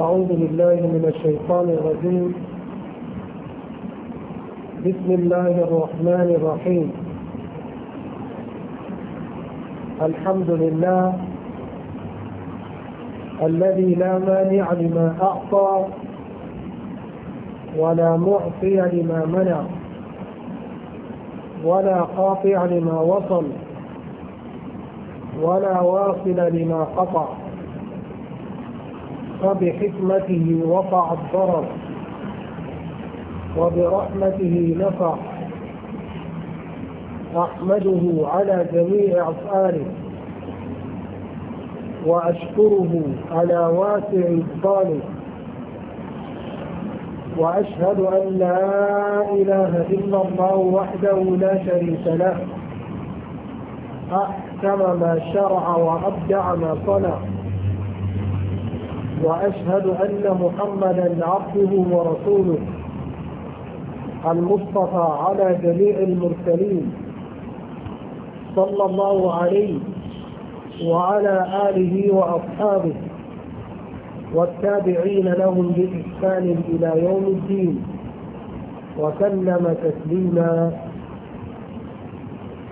أعوذ بالله من الشيطان الرجيم بسم الله الرحمن الرحيم الحمد لله الذي لا مانع لما أعطى ولا معطي لما منع ولا قاطع لما وصل ولا واصل لما قطع فبحكمته وقع الضرر وبرحمته نفع أحمده على جميع أفعاله وأشكره على واسع إفضاله وأشهد أن لا إله إلا الله وحده لا شريك له أحكم ما شرع وأبدع ما صنع وأشهد أن محمدا عبده ورسوله المصطفى على جميع المرسلين صلى الله عليه وعلى آله وأصحابه والتابعين لهم بإحسان إلى يوم الدين وسلم تسليما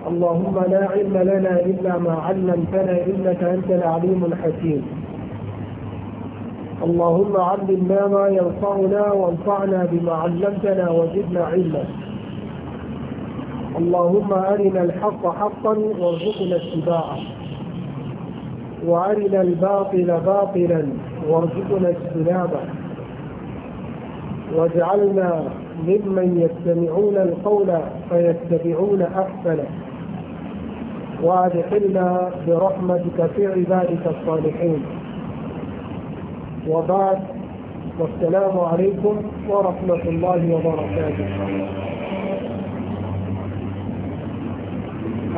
اللهم لا علم لنا إلا ما علمتنا إنك أنت العليم الحكيم اللهم علمنا ما ينفعنا وانفعنا بما علمتنا وزدنا علما اللهم أرنا الحق حقا وارزقنا اتباعه وأرنا الباطل باطلا وارزقنا اجتنابه واجعلنا ممن يستمعون القول فيتبعون أحسنه وادخلنا برحمتك في عبادك الصالحين وبعد والسلام عليكم ورحمة الله وبركاته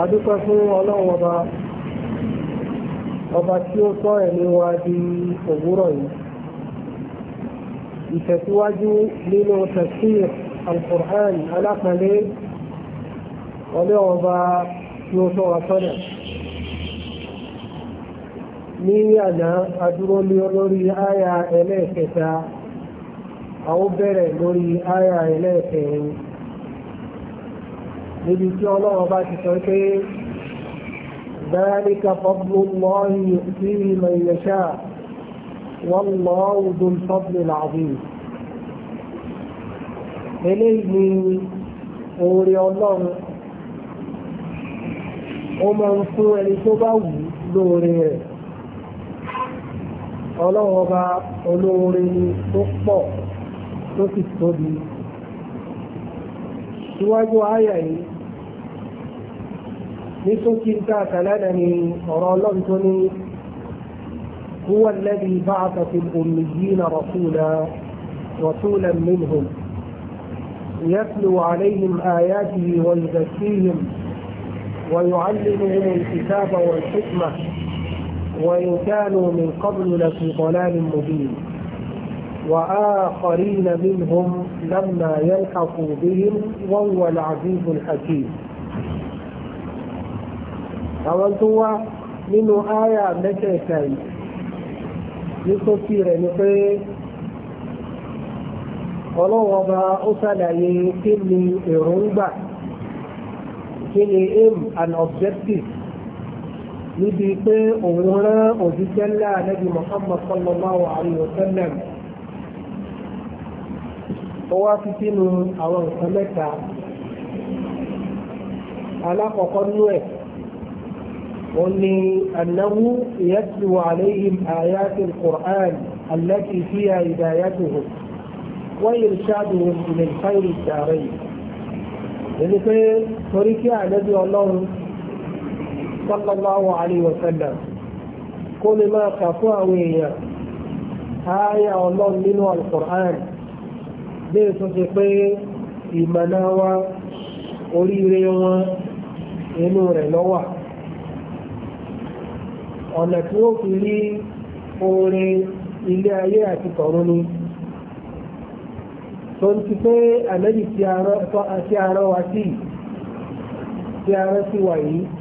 adúpẹ́ fún ọlọ́run ọba ọba tí ó sọ ẹ̀mí wa di òwúrọ̀ yìí ìtẹ̀síwájú nínú tafsir alkùrán alápẹ̀lẹ́ ọlọ́run ọba tí ó sọ wa sọ́dọ̀ ní àná adúró lé lórí àyà ẹlẹ́ẹ̀kẹta àwọn bẹ̀rẹ̀ lórí àyà ẹlẹ́ẹ̀kẹrin níbi tí ọlọ́run bá ti sọ pé ذلك فضل الله يؤتيه من يشاء والله ذو الفضل العظيم eléyìí ni oore ọlọ́run ó máa ń fún ẹni tó bá wù lóore rẹ̀ ọlọ́run ọba olóore tó pọ̀ tó sì tóbi síwájú àyà yìí ní sókè tá a kàlẹ́nà هو الذي بعث في الأميين رسولا رسولا منهم يتلو عليهم آياته ويزكيهم ويعلمهم الكتاب والحكمة وإن كانوا من قبل لفي ضلال مبين وآخرين منهم لما يلحقوا بهم وهو العزيز الحكيم àwọn tó wá nínú àyà mẹ́tẹ̀ẹ̀ta yìí ní sókí rẹ̀ ni pé ọlọ́wọ́ ọba ó ṣàlàyé kí ni èròǹgbà kí ni aim and objective níbi pé òun rán òjíṣẹ́ ńlá ànábì Muhammad sallallahu alayhi wa sallam ó wá fi sínú àwọn nǹkan mẹ́ta alákọ̀ọ́kọ́ nú ẹ̀ وإني أنه يتلو عليهم آيات القرآن التي فيها هدايتهم وإرشادهم إلى الخير الدارين. يعني في طريقة نبي الله sallallahu alayhi wa sallam kó lè máa kà fún àwọn èèyàn ààyè ọlọ́run nínú alukur'an bí èso ti pé ìmọ̀nà wa oríire wọn inú rẹ̀ lọ́wọ́ ọ̀nà tí ó fi rí oore ilé ayé àti tọ̀run ni tó ń ti pé ànábì tí ara wa sí tí ara sí wa yìí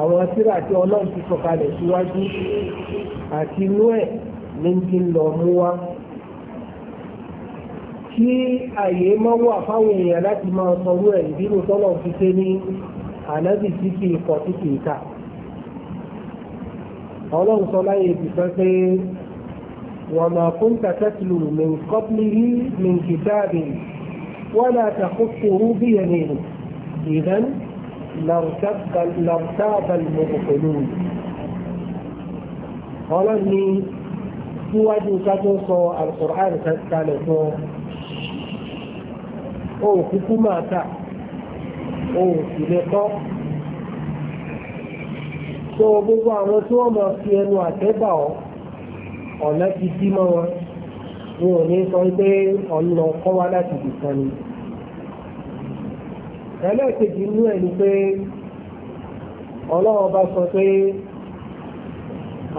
àwọn tírà tí ọlọ́run ti sọ̀kalẹ̀ síwájú àti inú ẹ̀ ní ti lọ mú wá kí àyè máa wà fáwọn èèyàn láti máa sọrú ẹ̀ ìbínú tọ́lọ̀ fi ṣe ní ànábì tí kì í kọ tí kì í kà ọlọ́run sọ láyé ìbùsọ̀ pé وما كنت تتلو من قبله من كتاب ولا تخطه بيمينك إذا làrútàbà al-mubtilun ọlọ́run ní síwájú ká tó sọ al-Qur'an kalẹ̀ fún ọ ta òsì lè kọ́ tó gbogbo àwọn tí wọ́n máa fi ẹnu àtẹ́bà ọ́ ọ̀nà ti dí mọ́ wọn wọn ò sọ pé ọ̀nà kọ́ wa láti dìkan ni ẹlẹ́ẹ̀kejì inú ẹ̀ ni pé ọlọ́wọ́ bá sọ pé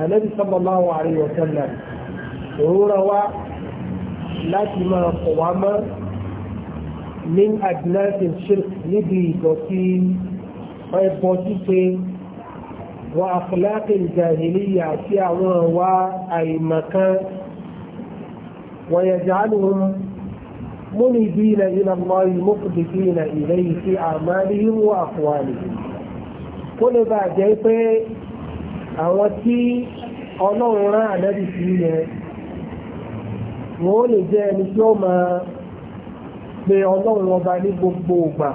ànábì sallallahu alaihi wa sallam òwúrọ̀ wá láti máa kọ̀ wá mọ́ ní àdínáàtì ṣírk níbi ìdọ̀tí ẹbọ ṣíṣe wa akhlaqi jahiliya àti àwọn wa àìmọ̀kan wa yaj'aluhum منيبين إلى الله مقبتين إليه في أعمالهم وأقوالهم قل بعد ذلك àwọn tí ọlọ́run rán ànábì sí ilẹ̀ wọ́n lè jẹ́ ẹni tí ó máa pe ọlọ́run ọba ní gbogbo ìgbà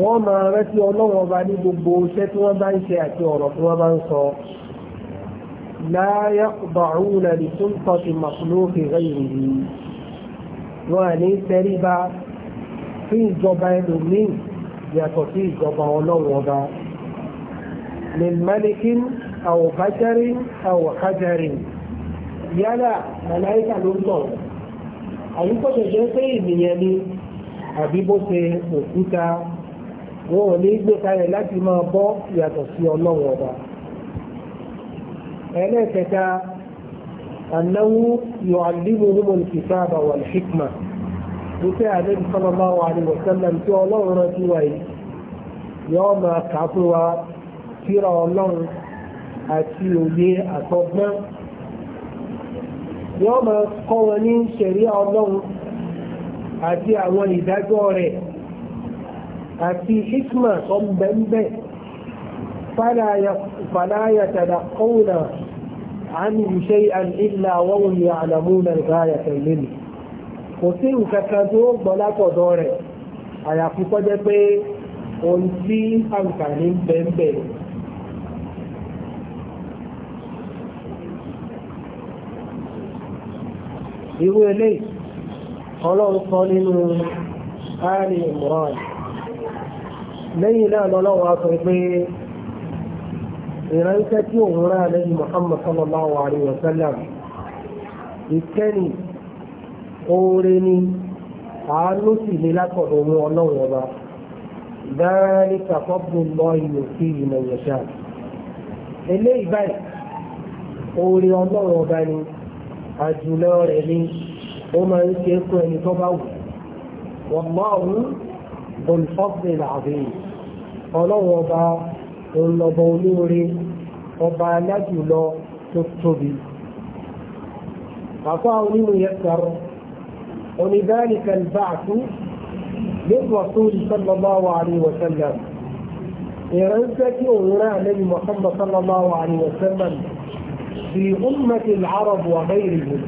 wọ́n máa rántí ọlọ́run ọba ní gbogbo iṣẹ́ tí wọ́n bá ń ṣe àti ọ̀rọ̀ tí wọ́n bá ń sọ la yaqda'una li sultati makhluqi ghayrihi wọn à ní tẹríba fún ìjọba ẹlòmíì yàtọ̀ sí ìjọba ọlọ́run ọba min malikin aw bajarin aw hajarin yálà màláìkà ló ń tọ̀ àyíkọ́jọ jẹ́ pé ènìyàn ni àbí bó ṣe òkúta wọn ò ní gbé kalẹ̀ láti máa bọ́ yàtọ̀ sí ọlọ́run ọba ẹlẹ́ẹ̀kẹta أنه يعلمهم الكتاب والحكمة بتاع النبي صلى الله عليه وسلم في الله رجوي يوم كفوا ترى الله أتيوي أصبنا يوم قوانين شريعة الله أتي أول إذا جوري أتي حكمة صنبنبه فلا يتلقون عنه شيئا إلا وهم يعلمون الغاية منه kò sí nǹkan kan tó gbọ́ látọ̀dọ̀ rẹ̀ àyàfi kọ́ jẹ́ pé ohun tí àǹfààní ń bẹ ń bẹ. irú eléyìí ọlọ́run sọ nínú Ali Imran lẹ́yìn náà lọ́lọ́run á sọ pé ìránṣẹ́ tí òun rán lẹ́yìn Muhammad sallallahu alayhi wa sallam ìkẹ́ni oore ni àánú sì ní látọ̀dọ̀ mú ọlọ́run ọba dáálí kàfọ́bù lọ ìlú sí ìmọ̀ ìyẹ̀ṣà eléyìí báyìí oore ọlọ́run ọba ni àjùlọ rẹ̀ ni ó máa ń ṣe é fún ẹni tó bá wù wọ́n mọ́ ọ̀hún bọ̀lùfọ́bù làbẹ́ ọlọ́run ọba òun lọ́bọ olóore ọba alájùlọ tó tóbi àfọ́ onímọ̀ yẹn sọ̀rọ̀ oníbẹ́ẹ̀lì kẹlbà àtú lẹ́gbọ̀sọ́lì sallallahu alaihi wa sallam ìránṣẹ́ tí òun rán àlẹ́bí Muhammad sallallahu alaihi wa sallam fi ummati al-arab wa ghayrihim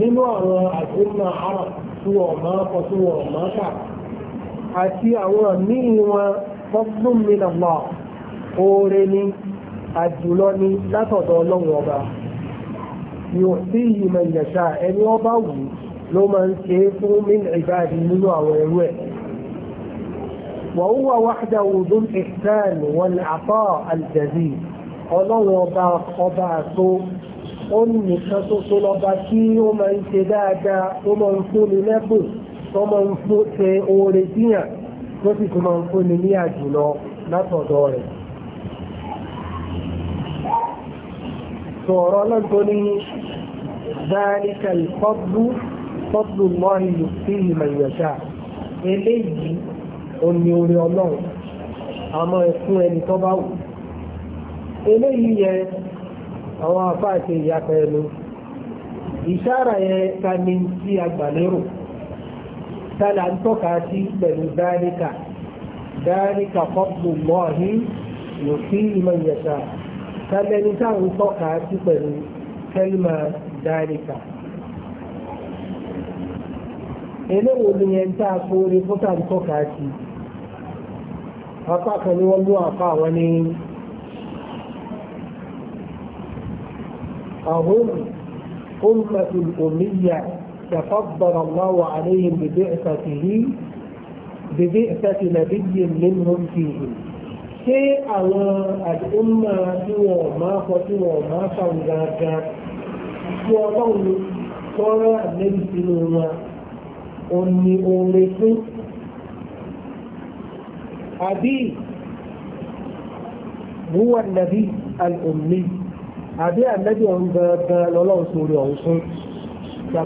nínú àwọn àdúrà arab tí wọ́n máa kọ tí wọ́n máa kà àti àwọn míì wọn fọ́dún min Allah oore ni àjùlọ ni látọ̀dọ̀ ọlọ́run ọba yóò sí ìmọ̀ ìyẹ̀ṣà ẹni ọba wù ló máa ń ṣe fún min ìbáàdì nínú àwọn ẹrú ẹ̀ وهو وحده ذو الإحسان والعطاء الجزيل ọlọ́run ọba ọba àtó ó nìkan tó tó lọ́ba tí ó máa ń ṣe dáadáa tó máa ń fúnni lẹ́bùn tó máa ń fún ṣe oore díyàn tó sì tún máa ń fúnni ní àjùlọ látọ̀dọ̀ rẹ̀. sọ̀rọ̀ lọ́tọ́ ní dáríkà ìfọ́dú fọ́dú lọ́rin sí ìmọ̀ ìyọ̀ṣà eléyìí omi orí ọlọ́run àmọ́ ẹ̀fún ẹni tó bá wù eléyìí yẹ àwọn afáàṣe ìyapẹ̀ ẹnu ìṣára yẹ ta ni tí a gbà lérò ta ń tọ́ka sí pẹ̀lú dáríkà dáríkà fọ́dú sí ìmọ̀ ìyọ̀ṣà kálẹ́ni tá à ń tọ́ka sí pẹ̀lú kẹ́límà dáríkà. eléwo ni yẹn tá a sóore fún tá à ń tọ́ka sí. apá kan ni wọ́n mú apá àwọn ní. أهم أمة أمية تفضل الله عليهم ببعثته ببعثة نبي منهم فيهم ṣé àwọn àdúgbò tí wọn ò máa kọ tí wọn ò máa fàwọn dáadáa tí ọlọ́run tọ́rọ àlẹ́bí sínú wọn ò ní oore fún àbí huwa nàbí al-ummi àbí àlẹ́bí ọ̀hún gangan lọ́lọ́run sórí ọ̀hún fún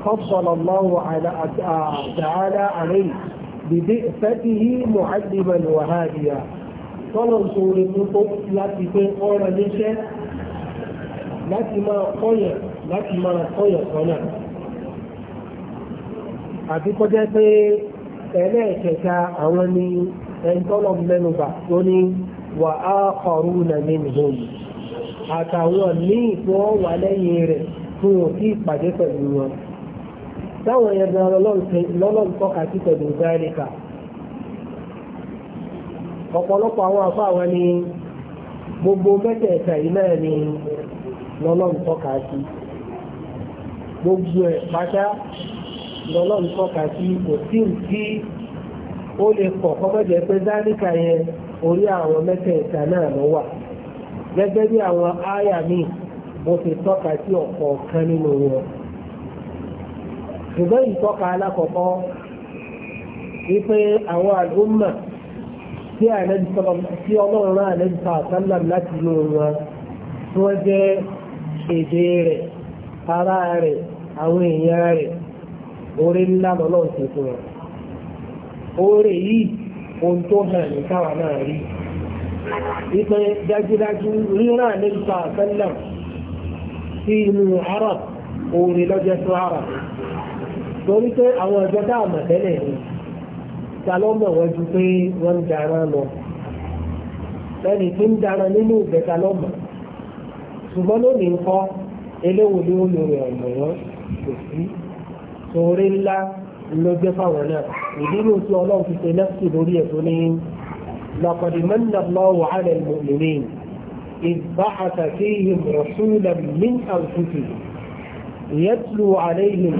تفضل الله على تعالى عليه ببئفته معلما وهاديا tọ́lọ̀ ṣòro tó kó láti pé ọ̀rọ̀ níṣẹ́ láti máa kọ́yàn láti máa kọ́yàn sọ́nà. àti kọjá pé ẹlẹ́ẹ̀kẹta àwọn ni ẹni tọ́lọ̀ mẹ́nuba tó ní wà á kọ̀rú nà ní nìyẹn àtàwọn míì tó wà lẹ́yìn rẹ̀ fún òkè ìpàdé pẹ̀lú wọn. táwọn yẹn gan lọ́lọ́ sí pẹ̀lú záríkà. ọ̀pọ̀lọpọ̀ àwọn afọ àwọn ni gbogbo mẹ́tẹ̀ẹ̀ta ilé náà ni sí gbogbo ẹ̀ pátá lọ́lọ́run sí kò sí tí ó lè pọ̀ kọ́kọ́jẹ́ pé yẹn orí àwọn mẹ́tẹ̀ẹ̀ta náà ló wà gẹ́gẹ́ bí àwọn mo ti tọ́ka sí nínú wọn ṣùgbọ́n ìtọ́ka alákọ̀ọ́kọ́ wípé àwọn àlùmọ̀ tí ọlọ́run rán àlẹ́bíkà sálàm láti inú wọn tí wọ́n jẹ́ èdè rẹ̀ ara rẹ̀ àwọn èèyàn rẹ̀ orí ńlá lọ́lọ́run ṣe fún wọn. orí yìí ohun tó hàn ní káwa náà rí ìpín dájúdájú ríran àlẹ́bíkà sálàm sí inú arab orí lọ́jọ́ tó arab torí pé àwọn ọjọ́ tá tẹ́lẹ̀ ni ta lọ́mọ̀ wọn ju pé wọ́n ń dara lọ ẹni tí ń dara nínú ìgbẹ́ta lọ́mọ̀ ṣùgbọ́n lónìí ńkọ́ eléwo ni ó lo rẹ̀ ọ̀nà wọn kò sí torí ńlá ló jẹ́ fáwọn náà ìdí ní oṣù ọlọ́run ti ṣe lẹ́sì lórí ẹ̀ tó ní لقد من الله على المؤمنين إذ بعث فيهم رسولا من أنفسهم يتلو عليهم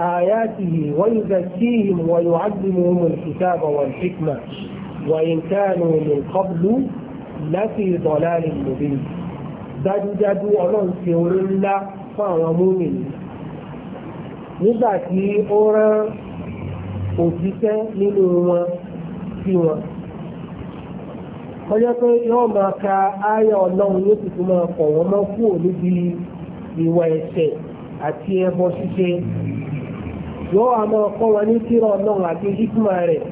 آياته ويزكيهم ويعلمهم الكتاب والحكمة وإن كانوا من قبل لفي ضلال مبين dájúdájú ọlọ́run ṣe orí ńlá fún àwọn múmìnì nígbà tí ó rán òjíṣẹ́ nínú wọn sí wọn ọjọ́ pé yóò máa ka ááyà ọlọ́run yóò sì tún máa pọ̀ wọ́n mọ́ kúrò níbi ìwà ẹ̀ṣẹ̀ àti ẹbọ ṣíṣe yóò wá máa kọ́ wọn ní tírà ọlọ́run àti hikma rẹ̀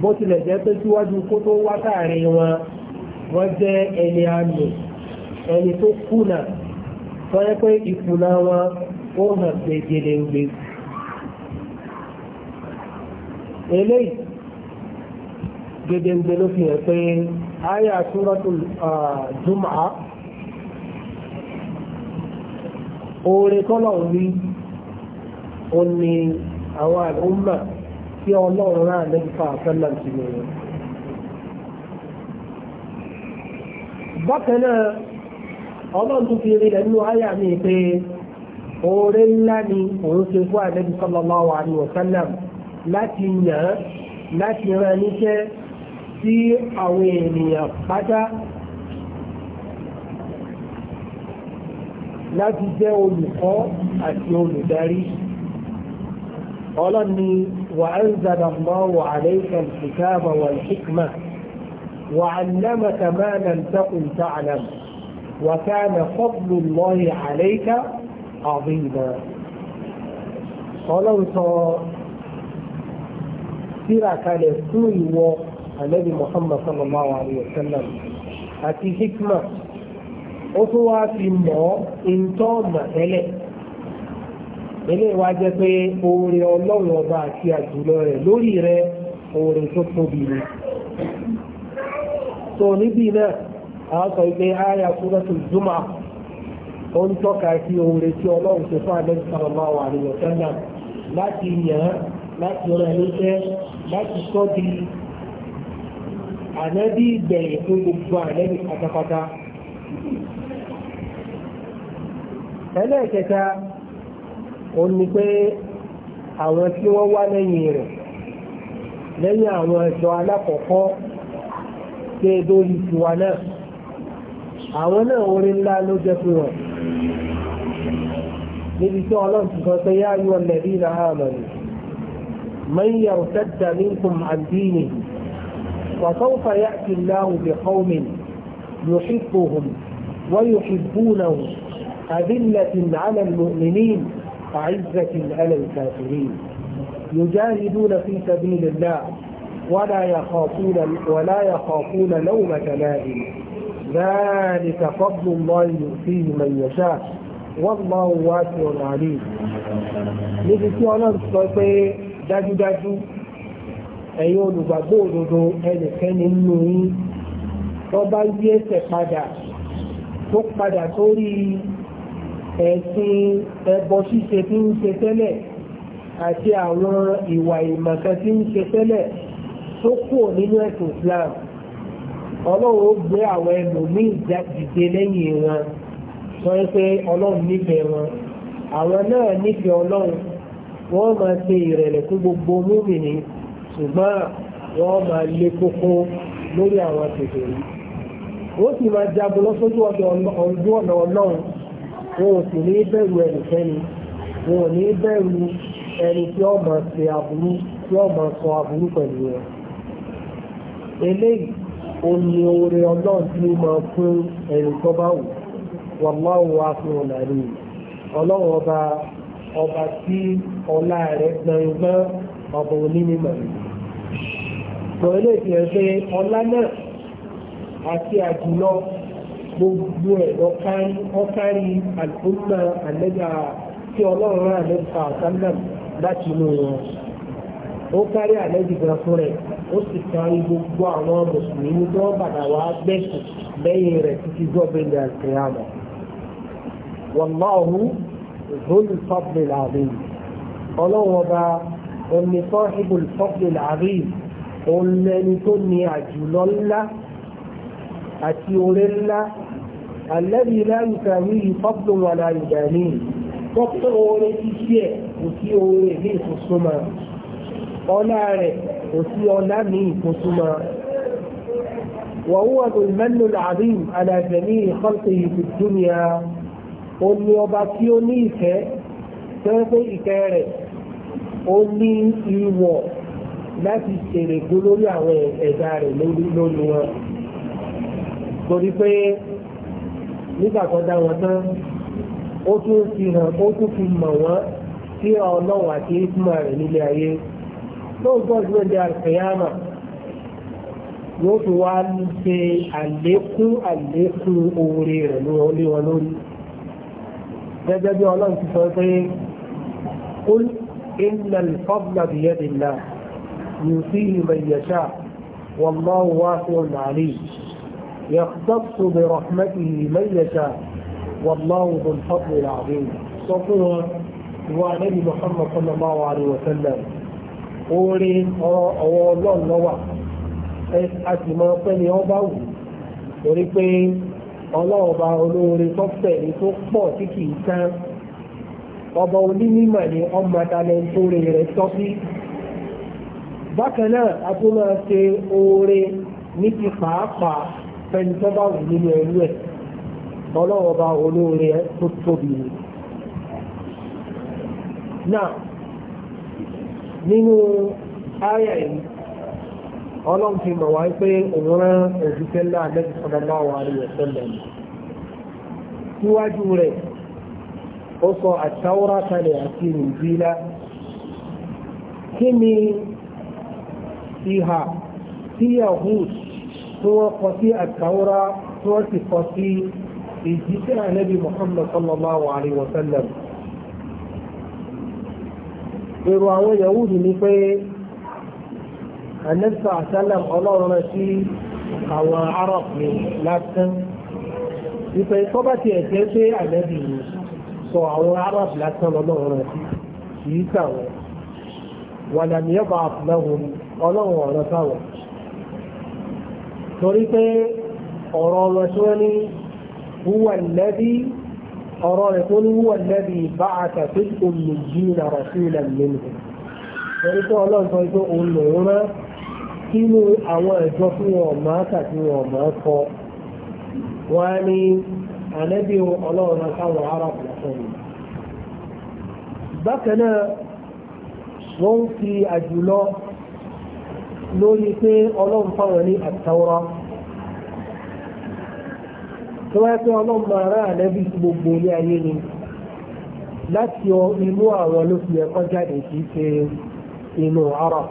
bó tilẹ̀ jẹ́ pé síwájú kó tó wá káàrin wọn wọ́n jẹ́ ẹni àmì ẹni tó kùnà tó yẹ pé ìkùnà wọn ó hàn eléyìí gbẹgbẹgbẹ ló fi hàn pé oore ó ní àwọn àlùmọ̀ tí ọlọ́run náà nípa àfẹ́lẹ̀ sí ni wọn. bákan náà ọlọ́run tún fi rí lẹ́nu àyà mi pé oore ńlá ni òun ṣe fún àlẹ́bí sallallahu alaihi wasallam láti yàn láti si níṣẹ́ sí àwọn ènìyàn pátá láti jẹ́ olùkọ́ àti olùdarí. ظلمي وأنزل الله عليك الكتاب والحكمة وعلمك ما لم تكن تعلم وكان فضل الله عليك عظيما قال سيرا كان يسوي النبي محمد صلى الله عليه وسلم أتي حكمة أطوات الله إن تام إليه eléyìí wá jẹ́ pé oore ọlọ́run ọba àti àjùlọ rẹ̀ lórí rẹ̀ oore tó tóbi ni so níbí náà àwọn sọ pé àyà súrọ́tù zuma ó ń tọ́ka sí oore tí ọlọ́run ṣe fún àdéhùn sọ̀rọ̀mọ́ àwọn àríyàn sẹ́ńdà láti yàn án láti rẹ̀ níṣẹ́ láti sọ́ di ànábì ìgbẹ̀yìn fún gbogbo ànábì pátápátá ẹlẹ́ẹ̀kẹta òun ni pé àwọn tí wọ́n wá lẹ́yìn rẹ̀ lẹ́yìn àwọn ẹ̀ṣọ́ alákọ̀ọ́kọ́ ṣe dórí tiwa náà àwọn náà orin ńlá ló jẹ́ fún wọn níbi tí ọlọ́run ti sọ eso alakooko se dori láwùn naa yá yọ lẹ́bí ni na àmàlù من يرتد منكم عن دينه وسوف يأتي الله بقوم يحبهم ويحبونه أذلة على المؤمنين عزة على الكافرين يجاهدون في سبيل الله ولا يخافون ولا يخافون لومة لائم ذلك فضل الله يؤتيه من يشاء والله واسع عليم níbi tí ọlọ́run sọ pé dájúdájú ẹ̀yin olùgbàgbọ́ òdodo ẹnìkẹ́ni nínú yín tó bá yí ẹsẹ̀ padà ẹ̀sìn ẹbọ ṣíṣe tí ń ṣe tẹ́lẹ̀ àti àwọn ìwà ìmọ̀kan tí ń ṣe tẹ́lẹ̀ tó kù nínú ẹ̀sìn Islam ọlọ́run ó gbé àwọn ẹlòmíì dìde lẹ́yìn wọn sọ pé ọlọ́run nífẹ̀ẹ́ wọn àwọn náà nífẹ̀ẹ́ ọlọ́run wọ́n máa ṣe ìrẹ̀lẹ̀ fún gbogbo múmìnì ṣùgbọ́n wọ́n máa lé kókó lórí àwọn tètè yìí wọ́n sì máa jagun lọ sójú ọ̀dọ̀ ọ̀nà ọlọ́run wọn ò sì ní bẹ̀rù ẹnikẹ́ni wọn ò ní bẹ̀rù ẹni tí ó máa ṣe aburú tí ó máa sọ aburú pẹ̀lú ẹ. eléyìí ó ní oore ọlọ́run tí ó máa fún ẹni tó bá wù wàláwù wá fún ọ̀nà rí ọlọ́run ọba ọba tí ọlá rẹ̀ gbẹ̀rùgbọ́n ọba onímọ̀ pẹ̀lú ètò ọlá náà àti àjùlọ gbogbo ẹ̀ ọ̀kárí àlùkùnmá àlẹ́gbà tí ọlọ́run rán àlẹ́gbà àtàlẹ́ láti inú wọn. ó kárí àlẹ́gbà fún rẹ̀ ó sì kárí gbogbo àwọn mùsùlùmí tó ń padà wá gbẹ̀sùn lẹ́yìn rẹ̀ títí gbọ́bẹ̀ ní àti àmọ́. wàláhù zoli fọ́bìlì làbẹ́yìn ọlọ́run ọba omi sọ́hìbùl fọ́bìlì làbẹ́yìn òun lẹni tó ní àjùlọ ńlá àti oore ńlá الذي láyé kàwé ìfọ́pùn ولا láyé dání tó pé oore iṣẹ́ kò sí oore ní ìfúnsúnmọ́ ọlá rẹ̀ kò sí ọlá ní ìfúnsúnmọ́ وهو ذو المن العظيم على جميع خلقه في الدنيا ó ní ọba tí ó ní ìfẹ́ tẹ́lẹ́fẹ́ ìfẹ́ rẹ̀ ó ní ìwọ̀ láti ṣèrègún lórí àwọn ẹ̀dá rẹ̀ lórí wọn torí pé nígbà tó dá wọn tán ó tún fi hàn ó tún fi mọ̀ wọ́n sí ọlọ́run àti ìtumọ̀ rẹ̀ nílé ayé lóòótọ́ ìlú ẹ̀dẹ̀ àkẹyàmà yóò fi wá ṣe àlékún àlékún oore rẹ̀ ní wọn wọn lórí gẹ́gẹ́ bí ọlọ́run ti sọ pé قل إن الفضل بيد الله يؤتيه من يشاء والله واسع عليم يختص برحمته من يشاء والله ذو الفضل العظيم صفوة ونبي محمد صلى الله عليه وسلم orin ọwọ́ ọlọ́run lọ́wà a sì mọ pé ni ọ bá wù torí pé ọlọ́run bá olóore sọ́fẹ̀ ni tó pọ̀ tí kìí tán ọba onímọ̀ ni ọmọ adalẹ̀ tó rè rẹ̀ tọ́ sí. bákan náà a tún máa ṣe oore ní ti pàápàá fẹ́ni tó bá wù nínú ẹrú ẹ̀ ọlọ́wọ́ bá olóore ẹ̀ tó tóbi ni. náà nínú ayé yìí ọlọ́run ti mọ̀ wá pé òun rán òṣìṣẹ́ ńlá àdẹ́sí sọ́dọ̀lá wa rí ẹ̀sẹ̀ lẹ́nu. síwájú rẹ̀ ó sọ àtàwọ́rá kalẹ̀ àti nìjíríà kí ni ìhà tí yahoo tí wọ́n kọ sí àtàwọ́rá tí wọ́n sì kọ sí ìjíṣẹ́ ànábì muhammad sallallahu alayhi wa sallam èrò àwọn yahudu ni pé ànábì sallam ọlọ́run rẹ̀ sí àwọn arab ni lásán ìpè tó bá ti ẹ̀jẹ̀ pé ànábì yìí sọ àwọn arab lásán ọlọ́run rẹ̀ sí kì í sàwọn wàlàmíyàbà àfúnáwò ọlọ́run ọ̀rọ̀ sáwọn torí pé ọ̀rọ̀ wọn tí wọ́n ní huwa alladhi ọ̀rọ̀ rẹ̀ tó ní huwa alladhi ba'atha fil ummiyina rasulan minhum torí pé ọlọ́run sọ pé òun lòun rán sínú àwọn ẹ̀jọ́ tí wọ́n máa tàbí wọ́n máa kọ wọ́n ní ànábì ọlọ́run sáwọn arab lọ́sọ̀ bákan náà wọ́n fi àjùlọ lórí pé ọlọ́run fáwọn ní àtàwọ́rọ́ tó wáyé pé ọlọ́run máa rán ànábì gbogbo ilé ayé ni láti inú àwọn ló fi ẹ̀kọ́ jáde kìí ṣe inú ara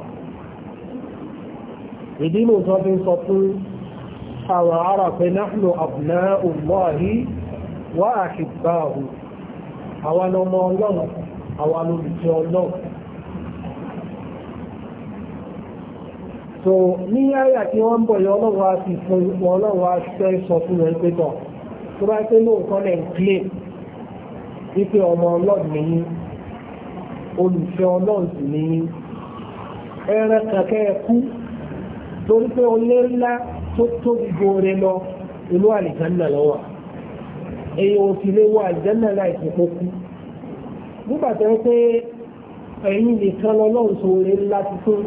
ìdí inú tó fi ń sọ fún àwọn ara pé nahnu abna'u Allahi wa ahibba'uhu àwọn ọmọ ọlọ́run àwọn olùjẹ ọlọ́run so ní àyà tí wọ́n ń bọ̀ yọ ọlọ́run á fi fún ọlọ́run á fẹ́ sọ fún wọn pé tọ̀ tó bá pé lóòótọ́ lẹ̀ ń claim wípé ọmọ ọlọ́run nìyí olùfẹ́ ọlọ́run sì nìyí ẹran kàkẹ́ ẹ kú torí pé olé ńlá tó tóbi gbòòrè lọ ìlú àlìjánná lọ́wọ́ èyí ò sì lè wọ àlìjánná láìsí kókú nígbà tó ń pé ẹ̀yìn nìkan lọ́lọ́run sọ olé ńlá tuntun.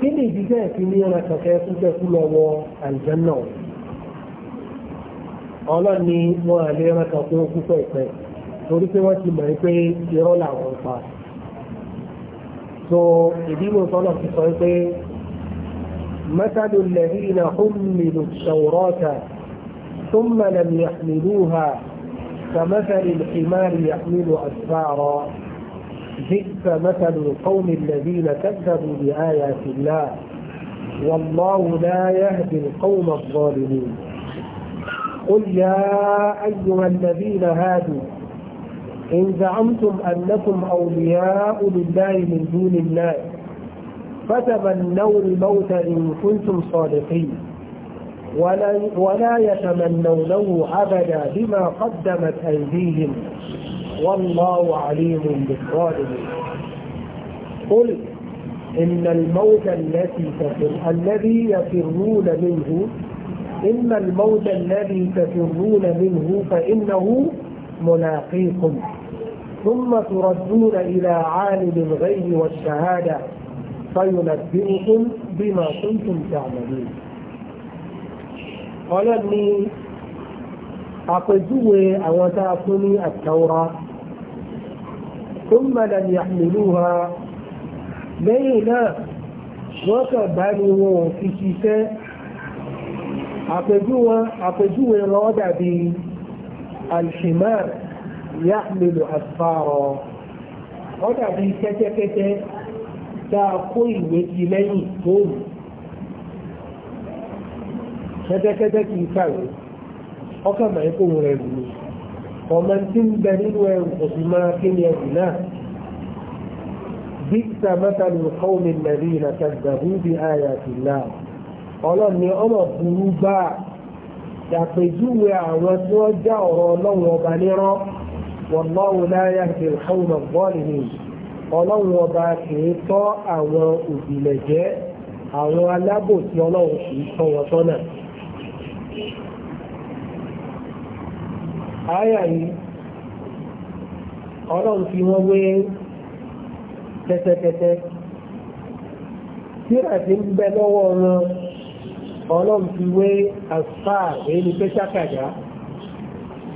kí ni ìdí bẹ́ẹ̀ fi ní ẹran kẹ̀kẹ́ tó jẹ́ kú lọ wọ àlùjànnà ọlọ́run ni wọ́n àlè ẹran kan tó kú pẹ̀pẹ̀ torí pé wọ́n ti mọ̀ pé irọ́ làwọn pa so ìdí mo sọ́nà ti sọ pé مثل الذين حملوا التوراة ثم لم يحملوها كمثل الحمار يحمل أسفارا جئت مثل القوم الذين كذبوا بآيات الله والله لا يهدي القوم الظالمين قل يا أيها الذين هادوا إن زعمتم أنكم أولياء لله من دون الله فتمنوا الموت إن كنتم صادقين ولا, ولا يتمنونه أبدا بما قدمت أيديهم والله عليم بالظالمين قل إن الموت الذي تفر الذي يفرون منه إن الموت الذي تفرون منه فإنه ملاقيكم ثم تردون إلى عالم الغيب والشهادة فينبئكم بما كنتم تعملون قال لي أقدوه أوتاكم التوراة ثم لم يحملوها لينا وكباني في شتاء àpèjúwe wọn dàbí alhimar yahmilu asfara wọn dàbí kẹ́tẹ́kẹ́tẹ́ tá a kó ìwé ti lẹ́yìn tóòrù kẹ́tẹ́kẹ́tẹ́ kìí kàwé ọkàn mẹ́kùn rẹ̀ lùú ọmọ tí ń bẹ nínú ẹrù kò sì máa kí ni ẹrù náà bí sàmẹ́ta lè kọ́ omi nàrí ìrìnàkà gbàgbé bí àyà sí náà ọlọ́run ni ọmọ burú bá ṣàpèjúwe àwọn tí wọ́n já ọ̀rọ̀ ọlọ́run ọba nírọ́ wọn lọ́wọ́ láyà ṣe ìkọ́wọ́n bọ́ọ̀lù ni ọlọ́run ọba kìí tọ́ àwọn òbílẹ̀ jẹ́ àwọn alábòsí ọlọ́run kìí tọ́ wọn tọ́nà. àyà yìí ọlọ́run fi wọ́n wé tẹ́tẹ́tẹ́tẹ́ tíra ti ń bẹ lọ́wọ́ wọn ọlọ́run fi wé àṣà èyí ni pé ṣàkàdá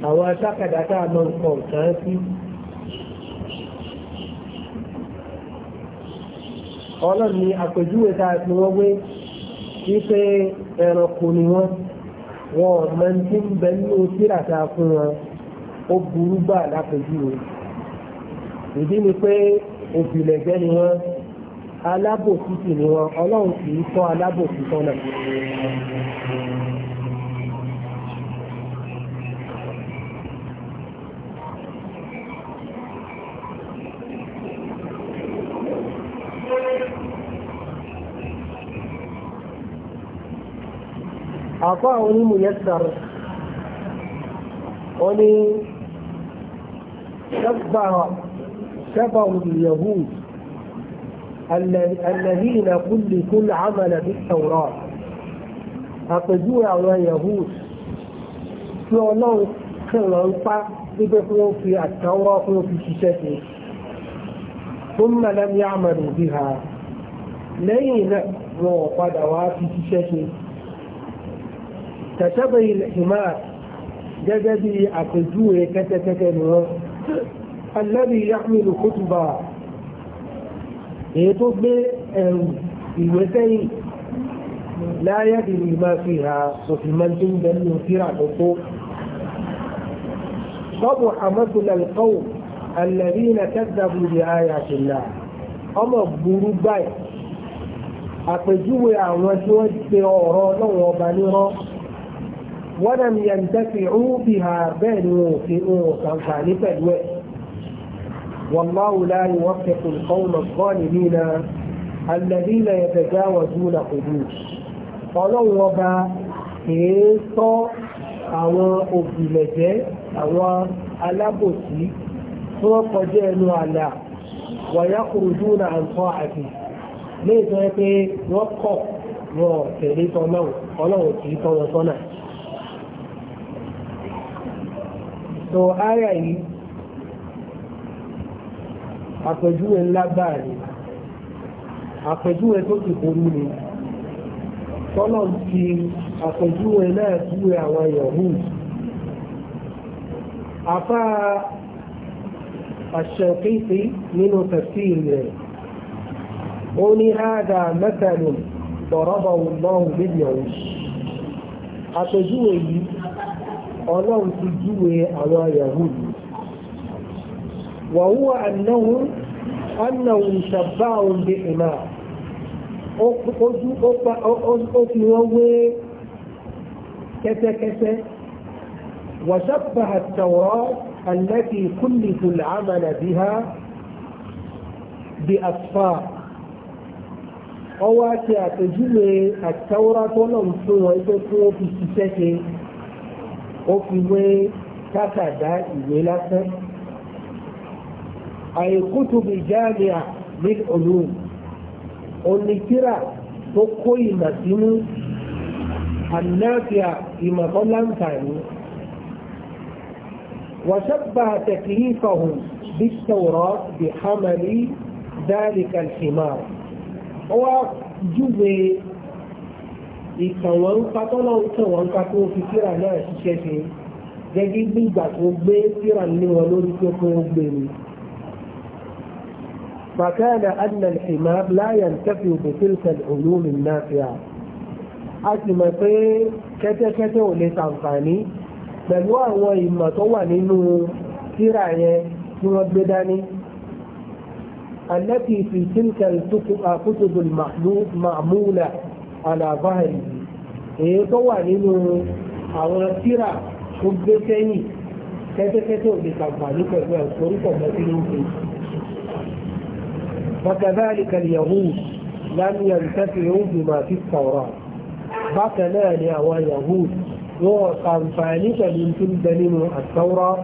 àwọn ṣàkàdá tá a nǹkan kan sí. ọlọ́run ni àpèjúwe tá a fi wọ́n ni wọ́n. wọn ò mọ tí ń bẹ ní òsírà tá a fún wọn ó burú bá lápèjúwe ìdí ni pé òbílẹ̀jẹ́ ni wọ́n alábòsí sì ni wọ́n ọlọ́run kì í kọ́ alábòsí sọ́nà. àfáà onímùyẹ́sàr wọ́n ní شبه اليهود الذين كل كل عمل بالتوراة àpèjúwe àwọn yahud tí ọlọ́run kẹrọ ń pa nígbé fún ó fi àtàwọ́ fún ó fi ṣiṣẹ́ ṣe tó ń mẹ́lẹ́ bí ha lẹ́yìn náà wọn padà wá fi ṣiṣẹ́ ṣe tẹ̀tẹ̀bẹ̀ ìhìmá gẹ́gẹ́ bí àpèjúwe kẹ́tẹ́kẹ́tẹ́ ni wọ́n alẹ́bí yàmìlú kútùbà èyí tó gbé ẹ̀rù ìwé sẹ́yìn láyàdì ní máa fi ha òfin máa tí ń bẹ nínú síra tó tó sọ́bù àmọ́tòlá alẹ́bí na kẹ́tẹ́bù ní ayà tìlá ọmọ burú báyìí àpèjúwe àwọn tí wọ́n ti ọ̀rọ̀ ọlọ́wọ́ ọba nírọ́ ولم ينتفعوا بها بين وكان فدوى والله لا يوفق القوم الظالمين الذين يتجاوزون حدود ọlọ́run ọba kìí tọ́ àwọn òbílẹ̀jẹ́ àwọn alábòsí tí wọ́n kọjá ẹnu àlà wọ̀nyá kùrùdú na àǹtọ́ àti léèdọ́ pé wọ́n kọ̀ wọ́n tẹ̀lé tọ́ náà ọlọ́run kìí tọ́ wọn sọ́nà. so áyà yìí àpèjúwe ńlá gbáà ni àpèjúwe tó ti kúrú ni tọ́lọ̀ ti àpèjúwe náà júwe àwọn yahoo afá الشنقيطي منه تفسير ذلك قل هذا مثل ضربه الله باليهود àpèjúwe yìí ọlọ́run ti júwe àwọn yahudi wàhúwà ànáwó ànáwó ìṣàbá òun bí ìmá ó fi wọ́n wé kẹ́tẹ́kẹ́tẹ́ wàṣàbà àtàwọ́ التي كلف العمل بها بأطفال ọwọ́ àti àpèjúwe àtàwọ́rá tó náà ń fún wọn ẹgbẹ́ tí wọ́n fi ṣiṣẹ́ ṣe ó fi wé tákàdá ìwé lásán àìkútùbí jáàmíà ní olùm onítìrà tó kó ìmọ̀ sínú ànáfíà ìmọ̀ وشبه تكليفهم بالتوراة بحمل ذلك الحمار وجزء ìtàn wọn ń pa tọ́lọ́ ń tàn wọn ká tó fi síra náà ṣiṣẹ́ ṣe gẹ́gẹ́ bí ìgbà tó gbé síra ní wọn lórí tó kó ń gbé ni. فكان أن الحمار لا ينتفع بتلك العلوم النافعة أتما في كتا كتا ولتنفاني بل وهو إما طوى منه سرعية مبداني التي في تلك الكتب المعمولة على ظهره يتوى لنو أولا سيرا حب تاني كيف كتو بسعبانك ويأسورك مثلوك فكذلك اليهود لم ينتفعوا بما في التوراة بكنان يا ويهود وقام فانك من تلد لنو الثوراة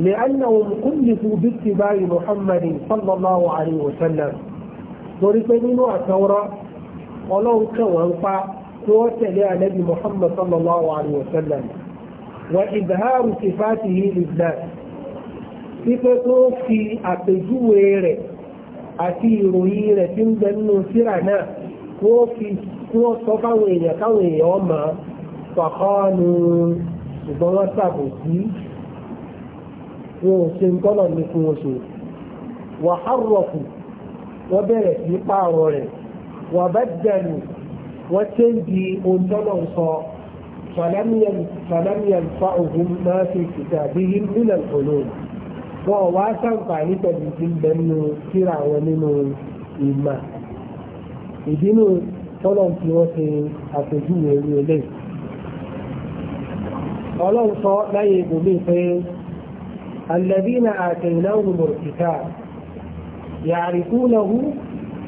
لأنهم كلفوا باتباع محمد صلى الله عليه وسلم طريق التوراة ọlọ́run kàn wọ́n ń pa kí wọ́n tẹ̀lé ànábì muhammad sallallahu alayhi wa sallam wa ìdáhàrù sèfáàtì yìí lùdà wípé tó fi àpèjúwe rẹ̀ àti ìròyìn rẹ̀ tí ń bẹ nínú síra náà kí wọ́n fi kí wọ́n sọ fáwọn èèyàn káwọn èèyàn ọmọ fàkọ́ọ̀nù ṣùgbọ́n wọ́n ṣàbòsí wọn ò ṣe ń tọ́lọ̀ ní fún oṣù wàhálà kù wọ́n bẹ̀rẹ̀ sí pààrọ̀ rẹ̀. وبدلوا وتنجي انتلوا فلم فلم ينفعهم ما في كتابهم من العلوم وواسا فاني تبيتين بنو كرا ومنو إما ìdínú tọ́lọ̀ tí wọ́n ti àpèjúwe orí ilé ọlọ́run sọ láyé ìgbòmí pé alẹ́bí na àtẹ̀yìnáwó mọ̀rùkítà yàrìkú náà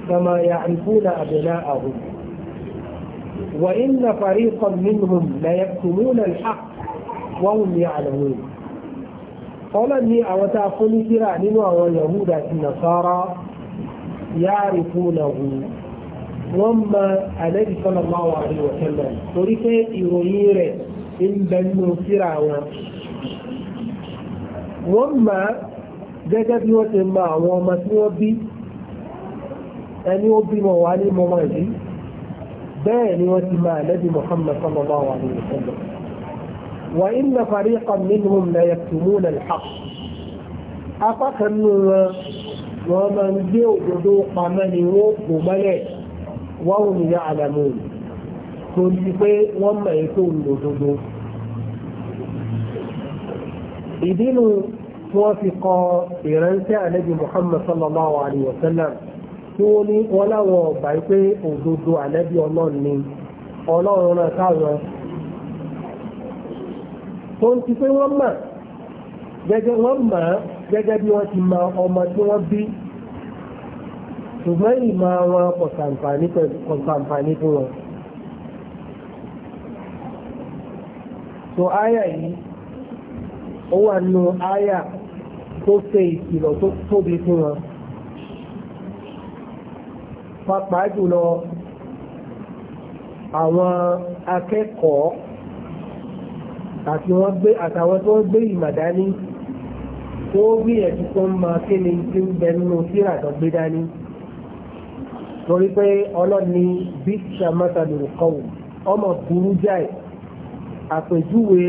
كما يعرفون أبناءهم وإن فريقا منهم ليكتمون الحق وهم يعلمون قال لي أو تأخذني ترى ويهود النصارى يعرفونه وما النبي صلى الله عليه وسلم ترك إيروير إن بنو فرعون وما جدد يوتما وما توبي ẹni ó bímọ wà ní mọmọ ìlú bẹ́ẹ̀ ni wọ́n ti máa nẹ́bí Muhammad sallallahu alayhi wa sallam wa inna fariqan minhum la yaktumuna al-haq apá kan nù wọn wọ́n máa ń gbé òdodo pamọ́ ni wọ́n kò mọ́lẹ̀ wọ́n ò ní yá àdàmú tó ń di pé wọ́n mọ̀ ètò òdodo ìdí nu tí fi kọ ìrántí ànábì Muhammad sallallahu alayhi wa sallam tí wọ́n ní wọ́n ọ̀gbà pé òdodo àlẹ́bí ọlọ́run ni ọlọ́run náà tó ń ti pé wọ́n mà gẹ́gẹ́ wọ́n mà gẹ́gẹ́ bí wọ́n ti ma ọmọ tí wọ́n bí ṣùgbọ́n ìmọ̀ wọn fún wọn. yìí ó wà nù tó ṣe ìkìlọ̀ tó tóbi fún pàápàá jùlọ àwọn akẹ́kọ̀ọ́ àti wọ́n gbé àtàwọn tó ń gbé ìmọ̀ dání tó gbìyànjú tó ń mọ kí ni tí ń bẹ nínú tírà tó gbé dání torí pé ọlọ́ni bí sàmọ́tà lòrò kọ́wò ọmọ burú jáì àpèjúwe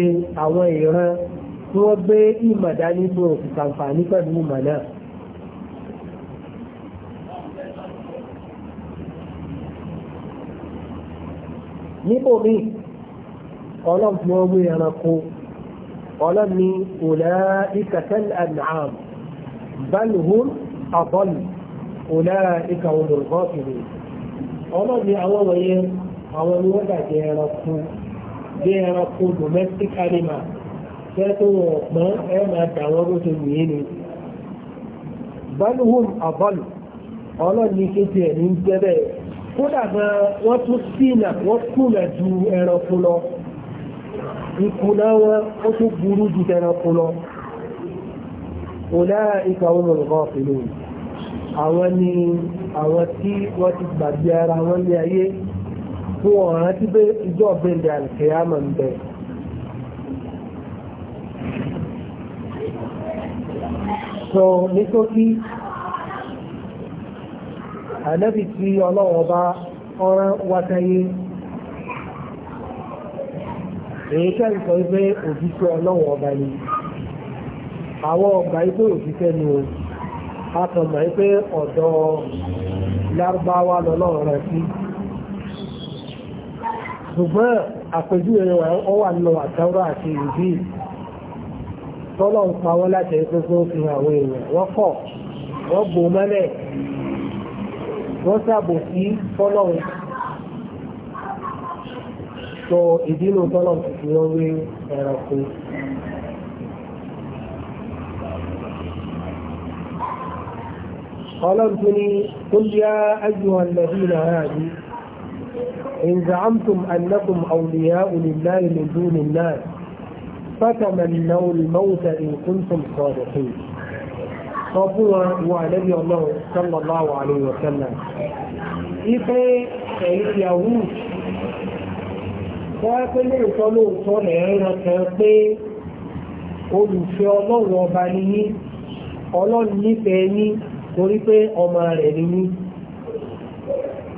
àwọn ìran tí wọ́n gbé ìmọ̀ dání tó òkùnkànfà ní pẹ̀lú ìmọ̀ náà níbo mi ọlọ́run tí wọ́n wé ẹranko ọlọ́run ní ulaika kal an'am bal hum adall ulaika humul ghafilun ọlọ́run ní àwọn wọ̀nyẹ àwọn ni wọ́n dàgbé ẹranko bí ẹranko domestic animal fẹ́ tó wọ̀ pọ́n ẹ máa dà wọ́n bó ṣe wù ni bal hum adall kéde ẹ̀ ní jẹ́ kódà gan wọ́n tún sínà wọ́n kùnà ju ẹranko lọ ìkùnà wọn ó tún burú ju ẹranko lọ ọ̀lá ìkà ohun ọ̀gọ́ pẹ̀lú àwọn ni àwọn tí wọ́n ti gbàgbé ara wọn ní ayé fún ọ̀rán tí bẹ́ ìjọ bẹ́ndẹ̀ alìkẹyàmọ̀ ń bẹ̀ so ní tó kí ànábì tí ọlọ́wọ́ bá ọ̀rán wátáyé èyí kẹ́rì sọ pé ọlọ́wọ́ ọba ni àwọn ọgbà ipé òjíṣẹ́ ni o a kàn mọ̀ lárúbáwá lọ́lọ́rọ̀ rẹ̀ sí ṣùgbọ́n àpèjúwe rẹ̀ ó wà nínú àtàwọn àti ìdí tọ́lọ̀ ń pa láti ẹgbẹ́ tó fi hàn àwọn èèyàn wọ́n kọ̀ wọ́n bò mọ́lẹ̀ wọ́n sàbò sí fọ́lọ́run sọ ìdínú fọ́lọ́run sì fi wọ́n wé ẹranko. قالت لي قل يا أيها الذين هادوا إن زعمتم أنكم أولياء لله من دون الناس فتمنوا الموت إن كنتم صادقين sọ fún wọn wọ àlẹ́bí ọlọ́run sallallahu alaihi wa sallam ipe ẹ̀yìn ìyàwó wọ́n pé lóòótọ́ lóòótọ́ lẹ́ẹ̀rọ kan pé olùfẹ́ ọlọ́run ọba ni yín ọlọ́run nífẹ̀ẹ́ yín torí pé ọmọ rẹ̀ ni yín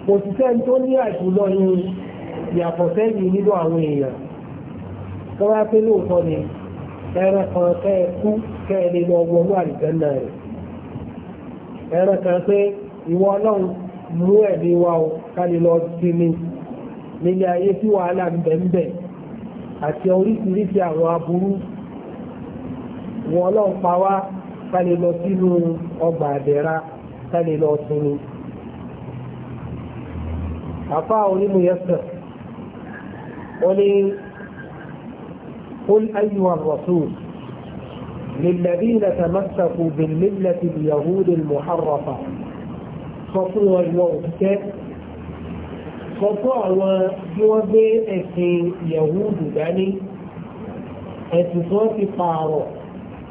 kò sì sẹ́ni tó ní àjùlọ yín yàtọ̀ sẹ́yìn nínú àwọn èèyàn wọ́n wá pé lóòótọ́ ni ẹran kan kẹ́ ẹ kẹ́ ẹ lè lọ wọnú rẹ̀ ẹran kan pé ìwọ ọlọ́run mú ẹ̀mí wa o ká lè lọ sinmi nílé ayé tí wàhálà ń bẹ ń bẹ àti oríṣiríṣi àwọn aburú ìwọ ọlọ́run pa wá ká lè lọ sínú ọgbà àdẹ̀ra ká lè lọ sinmi. àfa onímù yẹn sàn ó ní قل أيها الرسول للذين تمسكوا بالملة اليهود المحرفة خطوة الوقت خطوة الوقت في يهود داني اتصاف قارو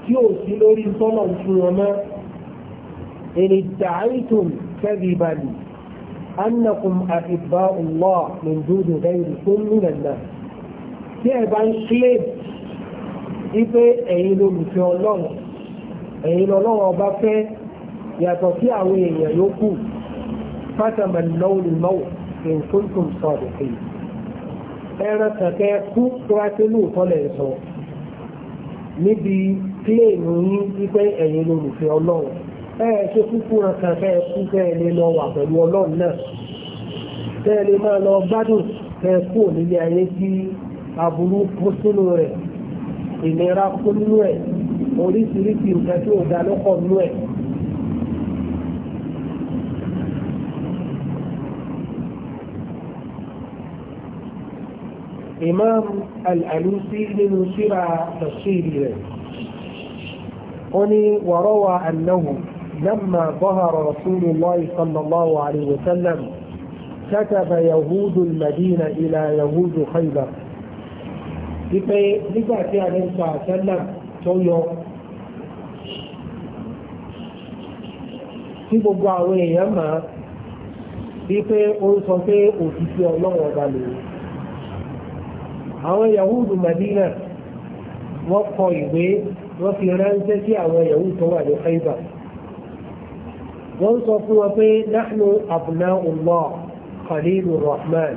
كيو سلوري صلى الله إن ادعيتم كذبا أنكم أحباء الله من دون غيركم من الناس كيف أنشلت wípé ẹ̀yin lolùfẹ́ ọlọ́run ẹ̀yin lọ́lọ́run ọba fẹ́ yàtọ̀ sí àwọn èèyàn yòókù fátàmà lọ́wọ́lù mọ́wọ́ ìfúnkùn sọ̀rọ̀ pé ẹran kẹ̀kẹ́ kú kíláṣí lóòótọ́ lẹ̀ sọ níbi kílèmù yín wípé ẹ̀yin lolùfẹ́ ọlọ́run ẹ ṣe kúkú ran kẹ̀kẹ́ kú kẹ́ lọ wà pẹ̀lú ọlọ́run náà kẹ́ máa lọ gbádùn kẹ́ ẹ ìlera kó nínú ẹ̀ oríṣiríṣi nǹkan tí ò dá lọ́kọ̀ nínú ẹ̀. imam al'alusi nínú síra tàṣírí rẹ̀ ó ní wàrọ́wà annahu لما ظهر رسول sallallahu alaihi الله عليه وسلم كتب يهود المدينة إلى يهود خيبر wípé nígbà tí a ní sọ àṣẹ́lá tó yọ tí gbogbo àwọn èèyàn máa wípé ó sọ pé òṣìṣẹ́ ọlọ́run ọba lòun àwọn yahudu madina wọ́n kọ ìwé wọ́n fi ránṣẹ́ sí àwọn yahudu tó wà ní faiba wọ́n sọ fún wọn pé nahnu abna'ullah khalilu rahman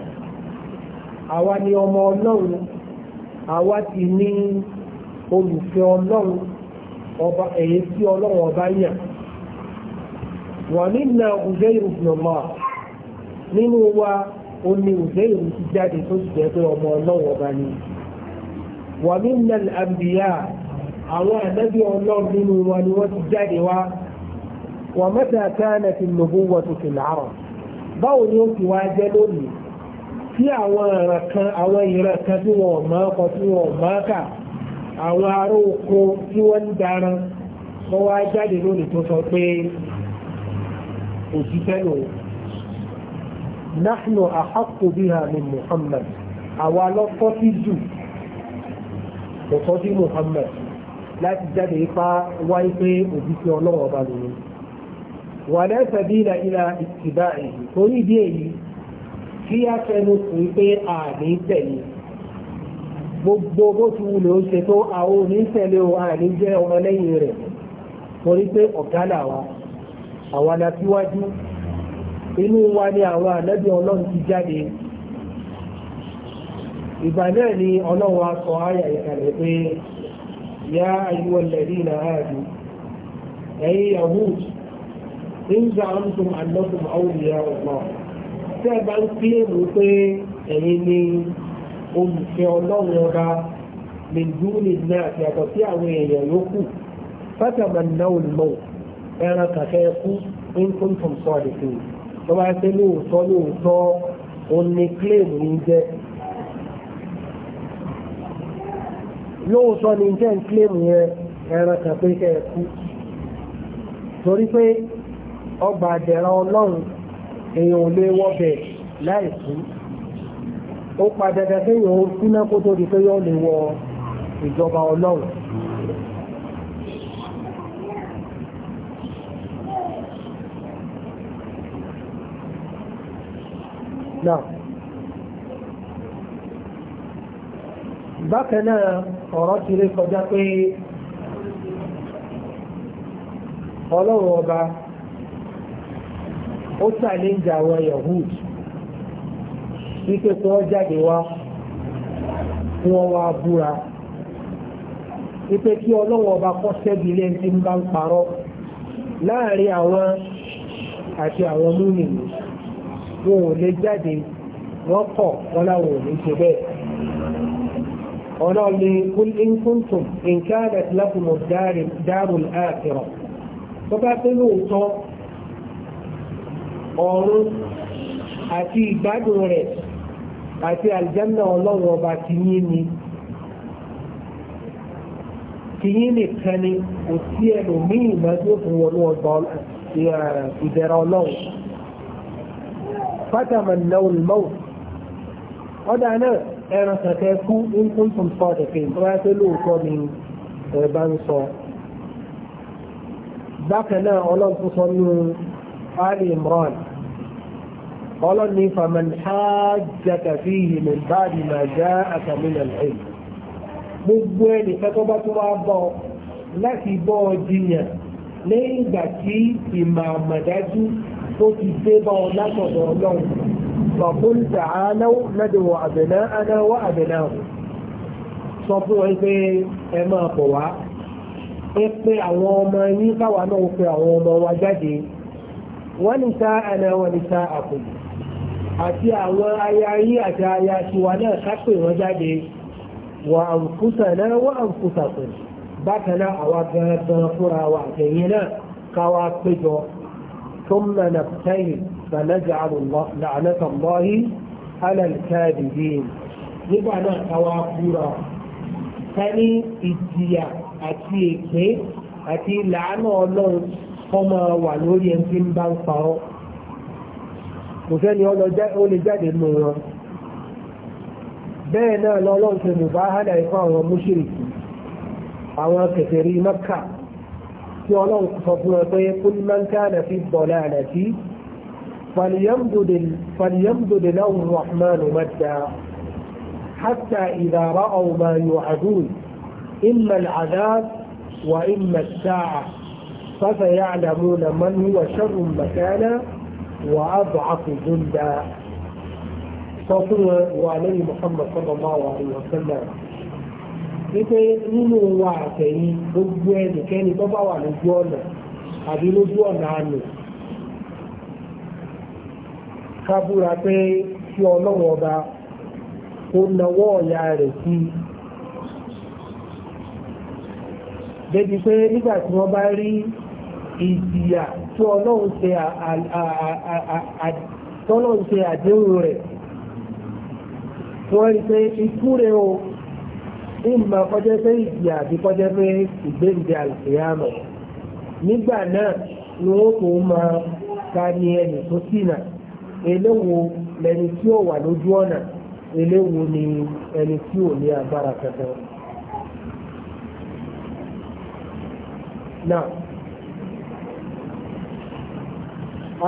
àwa ni ọmọ ọlọ́run àwa ti ní olùfẹ́ ọlọ́run ọba èyí tí ọlọ́run ọba yàn wà nínú ọ̀gùnjẹ́ ìrùbùnàmọ́ nínú wa ó ní òjẹ́ ìrù ti jáde tó ti jẹ́ pé ọmọ ọlọ́run ọba ni wà nínú àbíyá àwọn ànábì ọlọ́run nínú wa ni wọ́n ti jáde wá wà mẹ́ta kánà ti lògún wọ́n ti fi làárọ̀ báwo ni ó ti wá jẹ́ lónìí tí àwọn ìran kan àwọn ìran kan tí wọ́n mọ̀ ọkọ̀ tí wọ́n mọ̀ ọ́kà àwọn ará oko tí wọ́n ń daran kọ́ wá jáde lónìí tó sọ pé òṣìṣẹ́ lòun nahnu ahaqqu biha min Muhammad àwa lọ́kọ́ sí jù lọ́kọ́ Muhammad láti jáde ipá wáyé pé òjíṣẹ́ ọlọ́wọ́ ọba lòun wà lẹ́sẹ̀ bí ilà ìtìbá èyí torí ìdí èyí ha a fẹnu sí pé ní tẹ̀lé gbogbo bó ti wù ṣe tó àwọn oníṣẹ̀lẹ̀ o àní jẹ́ lẹ́yìn rẹ̀ torí pé ọ̀gá làwa àwa la inú wa ni àwọn ànábì ọlọ́run ti jáde ìgbà náà ni ọlọ́run wa sọ ayà ìkàlẹ̀ pé yá lẹ́rí ẹ̀yìn ń ọ̀gbọ́n tẹ́ ẹ bá ń kílèmù pé ẹ̀yin ni olùfẹ́ ọlọ́run ọba lè dúró lè ní àti àtọ̀ sí àwọn èèyàn yòókù fátàmà náà olùmọ̀ ẹran kàkẹ́ ẹkú ń kún fún sọ́ọ̀dì fún un tó bá ṣe lóòótọ́ lóòótọ́ òun ni kílèmù ń jẹ́ lóòótọ́ ni jẹ́ ń kílèmù yẹn ẹran kàkẹ́ ẹkú torí pé ọgbà àjẹrà ọlọ́run èèyàn ò lè wọ́bẹ̀ láì kú ó pa dandan kéèyàn ó kú náà kó tó di pé yóò lè wọ ìjọba ọlọ́run náà bákan náà ọ̀rọ̀ ti lè kọjá pé ọlọ́run ọba ó challenge àwọn yahood wípé kí wọ́n jáde wá kí wọ́n wá búra wípé kí ọlọ́wọ́ ọba kọ́ sẹ́bi ilé ẹni tí ń bá ń parọ́ láàrin àwọn àti àwọn múnìyàn wọn ò lè jáde wọ́n kọ̀ wọ́n láwọn ò ní ṣe bẹ́ẹ̀. ọlọ́ọ̀ni kún in kuntum in kanat lakum tó bá pé lóòótọ́ ọ̀run àti ìgbádùn rẹ̀ àti àlìjánnà ọlọ́run ọba tìyín ni tìyín nìkan ni kò sí ẹlòmíì máa tó fún wọnú ọgbà ìdẹ̀ra ọlọ́run fátàmà náà lọ́wọ́ ọ̀dà náà ẹran kàkẹ́ kú ń kún tún fọ́ọ̀dẹ̀ kí n tó lóòótọ́ ni ẹ̀ bá ń sọ bákan náà ọlọ́run tó sọ nínú آل عمران قال لي فمن حاجك فيه من بعد ما جاءك من العلم gbogbo ẹnìkan tó bá tó wá bọ́ láti bọ́ ọ jiyàn lẹ́yìn ìgbà tí ìmọ̀ àmọ̀dájú tó ti dé bá ọ látọ̀dọ̀ ọlọ́run فقل تعالوا ندعو أبناءنا وأبناءهم sọ fún wọn pé ẹ máa bọ̀ wá ẹ pé àwọn ọmọ yín káwa náà pe àwọn ọmọ wa jáde wọ́n ní sá àná wọ́n ní sá àkùn àti àwọn aya yí àti aya tiwa náà kápẹ́ wọn jáde wà àǹfùsà náà wà àǹfùsà pẹ̀ bákan náà àwa gangan fúnra wa àtẹ̀yìn náà káwa péjọ tó mọ̀ tẹ́yìn sànájà àlùmọ́ làánàtà mọ́hí alàlùkáàdìdì nígbà náà káwa fúra ká ìjìyà àti èké àti làánà ọlọ́run kọ́mọ wà lórí ẹni tí ń bá ń pa ọ́ kò sẹ́ni ó lè jáde nù wọn bẹ́ẹ̀ náà lọ́lọ́run ṣe mú bá hádà ikọ́ àwọn mùṣírikí àwọn kèfèrí Mákkà tí ọlọ́run sọ fún ẹ pé kul man náà fi dalalati فليمدد له الرحمن hátà ìdàrà إذا رأوا ما يوعدون إما wà وإما sáà فسيعلمون من هو شر مكانا وأضعف جلدا صفوة وعليه محمد صلى الله عليه وسلم wípé nínú wa àtẹ̀yìn gbogbo ẹnikẹ́ni tó bá wà lójú ọ̀nà àbí lójú ọ̀nà àmì kábúra pé kí ọlọ́run ọba kó nawọ́ ọ̀yà rẹ̀ sí débi pé nígbà tí wọ́n bá rí ìjìyà tí ọlọ́run ṣe àdéhùn rẹ̀ wọ́n rí pé ikú rẹ̀ o ìmọ̀ kọjẹ́ pé ìjìyà àti kọjẹ́ pé ìgbéǹde àlùfẹ́yàmọ̀ nígbà náà ni wọ́n kò máa ka ní ẹnì tó ṣìnà eléwo lẹni tí ó wà lójú ọ̀nà eléwo ni ẹni tí ò ní agbára kankan. Now,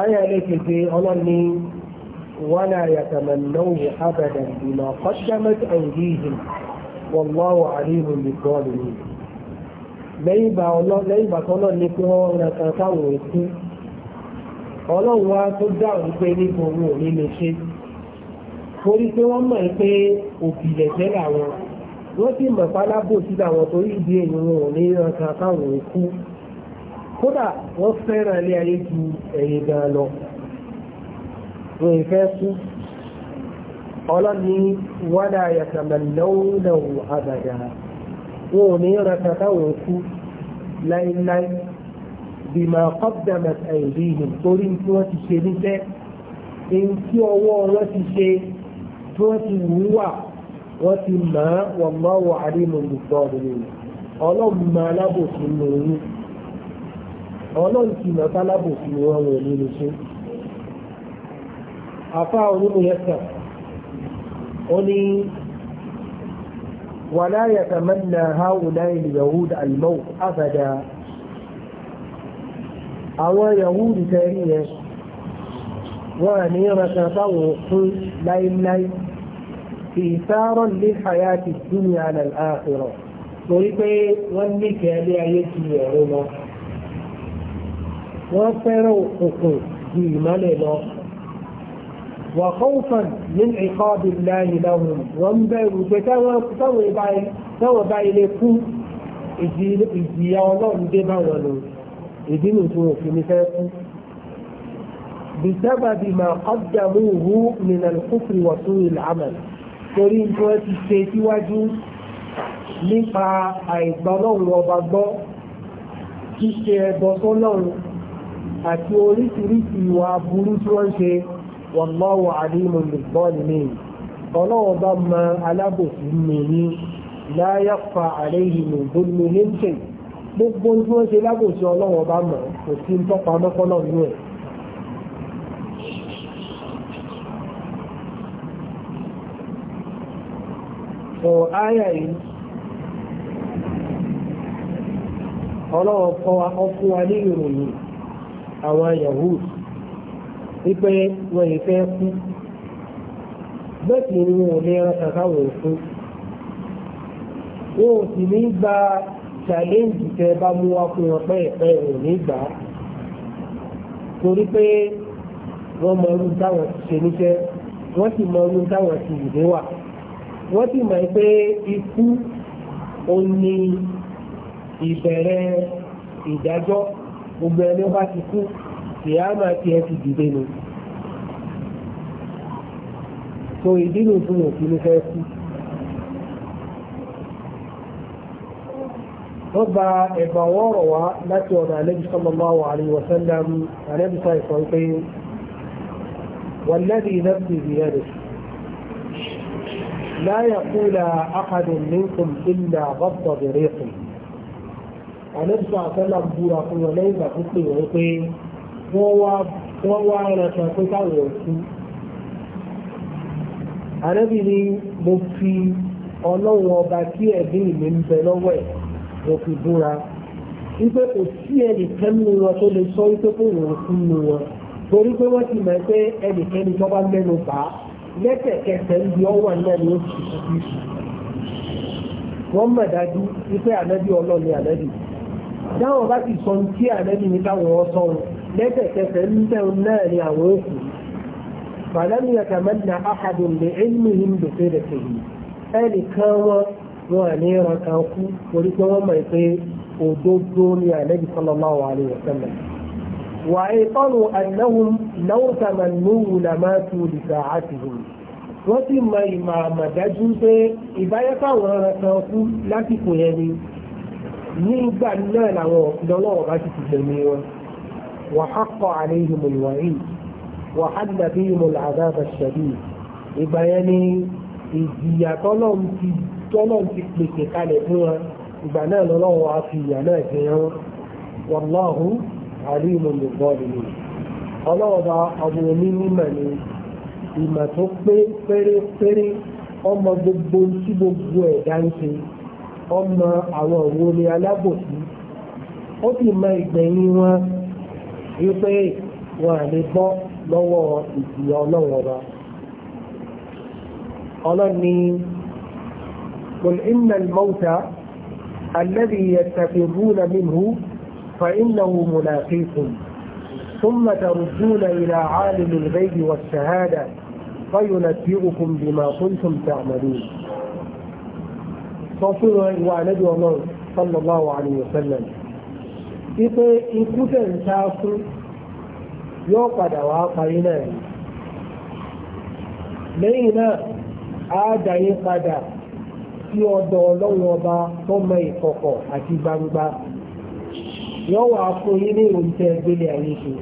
ayé ẹlẹ́kẹ̀kẹ́ ọlọ́ni wala yatamannahu abadan bima qaddamat aydihim wallahu alimun bizzalimin lẹ́yìn ìgbà tọ́lọ́ ní pé wọ́n rẹ̀ kan káwọn èkú ọlọ́run wá tó dáhùn pé nípa owó òní lè ṣe torí pé wọ́n mọ̀ pé òbílẹ̀ jẹ́ làwọn wọ́n sì mọ̀ pálábòsí làwọn torí ìdí èyí wọn ò ní rẹ̀ kan káwọn èkú kódà wọ́n fẹ́ràn ilé ayé ju ẹ̀yìn gan lọ wọ́n fẹ́ kú ọlọ́ni wádà yàtàmàlọ́wọ́lọ́wọ́ àbàdà wọn ò ní rakata wọn kú láíláí bí máa kọ́bdàmà àìrí ìhìn torí tí wọ́n ti ṣe níṣẹ́ èyí tí ọwọ́ wọn ti ṣe tí wọ́n ti wúwà wọ́n ti máa wọ̀n máa wọ àrímọ̀ olùkọ́ ọ̀dọ́ ọlọ́run máa lábòsí lòun àwọn náà ti mọ̀ sálábò sí ni wọ́n wọ̀ nínú ṣe. àfa onímù yẹn sàn ó ní wàlá yàtàmánà haúlá yahud almau abada àwọn yahud tẹ́rí yẹn wọ́n ní rẹ̀kàn táwọn fún láíláí fi sáárọ̀ lè hayati dúnìá nàl áàkìrọ̀ torí pé wọ́n ní kẹ́lé ayé ti ẹ̀rọ náà wọ́n fẹ́ràn òkùnkùn ju ìmọ́lẹ̀ lọ wàkọ́ùfà ní ìkọ́bí láyé lọ́hùn wọ́n bẹ̀rù pé táwọn bá ilé kú ìjìyà ọlọ́run dé bá wọn lò ìdí nù tí wọ́n fi ní fẹ́ kú. بسبب ما قدموه من الكفر وسوء العمل torí nǹkan ẹ ti ṣe síwájú nípa àìgbọ́lọ́run ọba gbọ́ ṣíṣe ẹbọ sọ́lọ́run àti oríṣiríṣi ìwà burú tí wọ́n ṣe wallahu alimun bizzalimin ọlọ́wọ́ bá ma alábòsí mìíní la yakhfa alayhi min dhulmihim shay gbogbo tí wọ́n ṣe lábòsí ọlọ́wọ́ bá mọ̀ kò sí tọ́pa mọ́kànlá nínú ẹ̀ sọ kọ́ wa kọ́ fún wa ní ìròyìn àwọn yahoo wípé wọ́n yìí fẹ́ kú bẹ́ẹ̀ sì ni wọn ò lè ran kankan wò fún sì ní gba challenge tẹ bá mú wá fún wọn pẹ́ẹ́pẹ́ ò ní gbà á torí pé wọ́n mọ irú táwọn ti ṣe níṣẹ́ wọ́n sì mọ irú táwọn ti ìdè wà wọ́n sì mọ̀ pé ikú ó ìbẹ̀rẹ̀ ìdájọ́ gbogbo ẹni ó bá ti kú kìámà tí ẹ ti dìde ni so ìdínú fún òfin ní fẹ́ kú wọ́n gba ẹ̀bà wọ́ọ̀rọ̀ wá láti ọ̀dọ̀ àlẹ́bí sallallahu alaihi wa sallam àlẹ́bí sọ ìsọ̀ pé والذي نفسي بيده لا يقول أحد منكم إلا غض بريقي àlẹ́sọ̀ àfẹ́lá búra fún wọn lẹ́yìn ìgbà tó pè wọ́n pé wọ́n wá ẹranko pé káwọn ò kú. àlẹ́bí ni mo fi ọlọ́run ọba tí ẹ̀bí mi ń bẹ lọ́wọ́ ẹ̀ mo fi búra wípé kò sí ẹnìkan nínú wọn tó lè sọ wípé kò wọ́n kú nínú wọn torí pé wọ́n ti mọ̀ pé ẹnìkẹ́ni tó bá mẹ́nu bá lẹ́tẹ̀kẹsẹ̀ ń di ọwọ́ náà ni ó sì kú wọ́n mọ̀ dájú wípé ànábì ọlọ́ọ̀ni ànábì dáwọn bá ti sọ tí àlẹ́bí ní káwọn ọ̀sọ́ wọn lẹ́sẹ̀kẹsẹ̀ ń tẹ́ náà ni àwọn òkú fàlẹ́mì àtàmẹ́nà àhàdùn lè ẹ̀mí ń dòfin rẹ̀ tèyí ẹnì kan wọn wọn à ní ran kan kú orí pé wọ́n mọ̀ pé òdodo ni àlẹ́bí sallallahu alaihi wasallam. وأيقنوا أنهم لو تمنوه لماتوا لساعتهم wọ́n sì mọ ìmọ̀ àmọ̀dájú pé ìbáyẹ́fà wọn rẹ̀ kan kú lásìkò yẹn ni nígbà náà làwọn lọ́lọ́wọ́ bá ti ti gbẹ̀mí wọn وحق عليهم الوعيد وحل بهم العذاب الشديد ìgbà yẹn ni ìjìyà tọ́lọ́n ti pèsè kalẹ̀ fún wa ìgbà náà lọ́lọ́wọ́ a fi ìyà náà jẹ wọn wàláhù àríwọ̀n lè bọ́ọ̀lù ni ọlọ́ọ̀bá ọmọ omi mímọ̀ ni ìmọ̀ tó pé pérépéré ọmọ gbogbo tí gbogbo ẹ̀dá ń ṣe ọmọ àwọn òwò ni alábòsí ó sì mọ ìgbẹ̀yìn wọn wípé wọn à lè bọ́ lọ́wọ́ ìjìyà ọlọ́wọ́ ọba ọlọ́ni قل إن الموت الذي يستفرون منه فإنه ملاقيكم ثم تردون إلى عالم الغيب والشهادة فينبئكم بما كنتم تعملون sọ fún wọn ìwà ànábì ọlọ́run sallallahu alaihi wasallam wípé ikú tẹ̀ ń ta fún yóò padà wá parí náà lẹ́yìn náà á dàyé padà sí ọ̀dọ̀ ọlọ́run ọba tó mọ ìkọ̀kọ̀ àti gbangba yóò wá fún yín ní oúnjẹ ìgbélé ayé ṣe.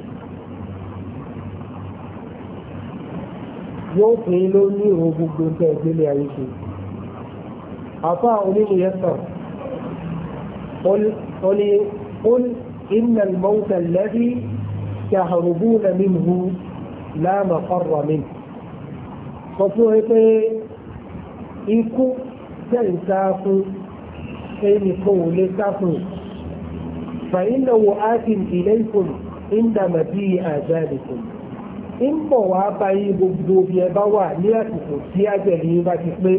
yóò fún yín ló ìrò gbogbo oúnjẹ ayé ṣe. عطاء لميسر قل قل قل إن الموت الذي تهربون منه لا مفر منه فصوه ikú tẹ́ ń sá fún ẹnìkan ò lè sá fún fàyínà wo ákìn ilé ìkùn ìdàmà bí àjáàdìkùn ń bọ̀ wá báyìí gbogbo bí ẹ bá wà ní àsìkò tí ájẹ̀lì bá ti pé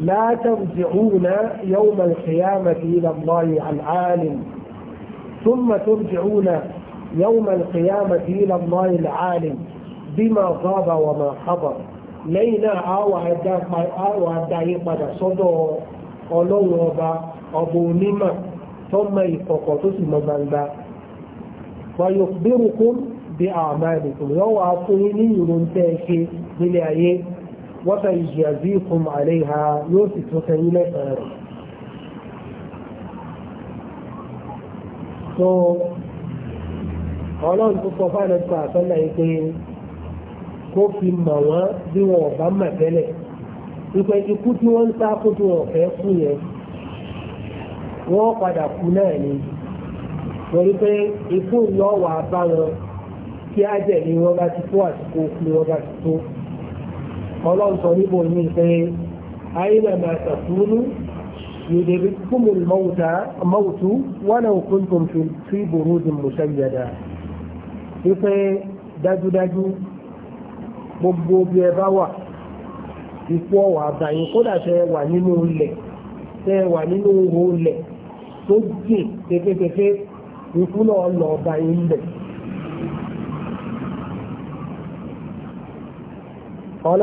لا ترجعون يوم القيامة إلى الله العالم ثم ترجعون يوم القيامة إلى الله العالم بما غاب وما خبر لينا أو أدا أو أدا يبدا صدو أولو أبا أبو نما ثم يفقطس مبالبا ويخبركم بأعمالكم يوم أفريني ينتهي بلعيه وسيجازيكم عليها يوسف سيلة أرض so ọlọ́run tó sọ fáwọn ẹ̀ka àtọ́lá yìí pé kó fi mọ̀ wọ́n bí wọn ò bá mọ̀ tẹ́lẹ̀ ìpè ikú tí wọ́n ń sá kó tí wọn fẹ́ kú yẹn wọ́n padà kú náà ni torí pé ikú yọ wà bá wọn kí á ni wọ́n bá ti tó àsìkò ni wọ́n bá ti tó ọlọ́run sọ níbo ní pé àìlẹ̀ máa tàkúrú yòdèbí kúmù mọ́wùtú wọn náà kún tó fi burú di mùsàyàdà wípé dájúdájú gbogbo bí ẹ bá wà ikú ọ̀wà àbàyìn kódà tẹ wà nínú ilẹ̀ tẹ wà nínú ihò ilẹ̀ tó jìn tẹfẹtẹfẹ ikú náà lọ ọba قال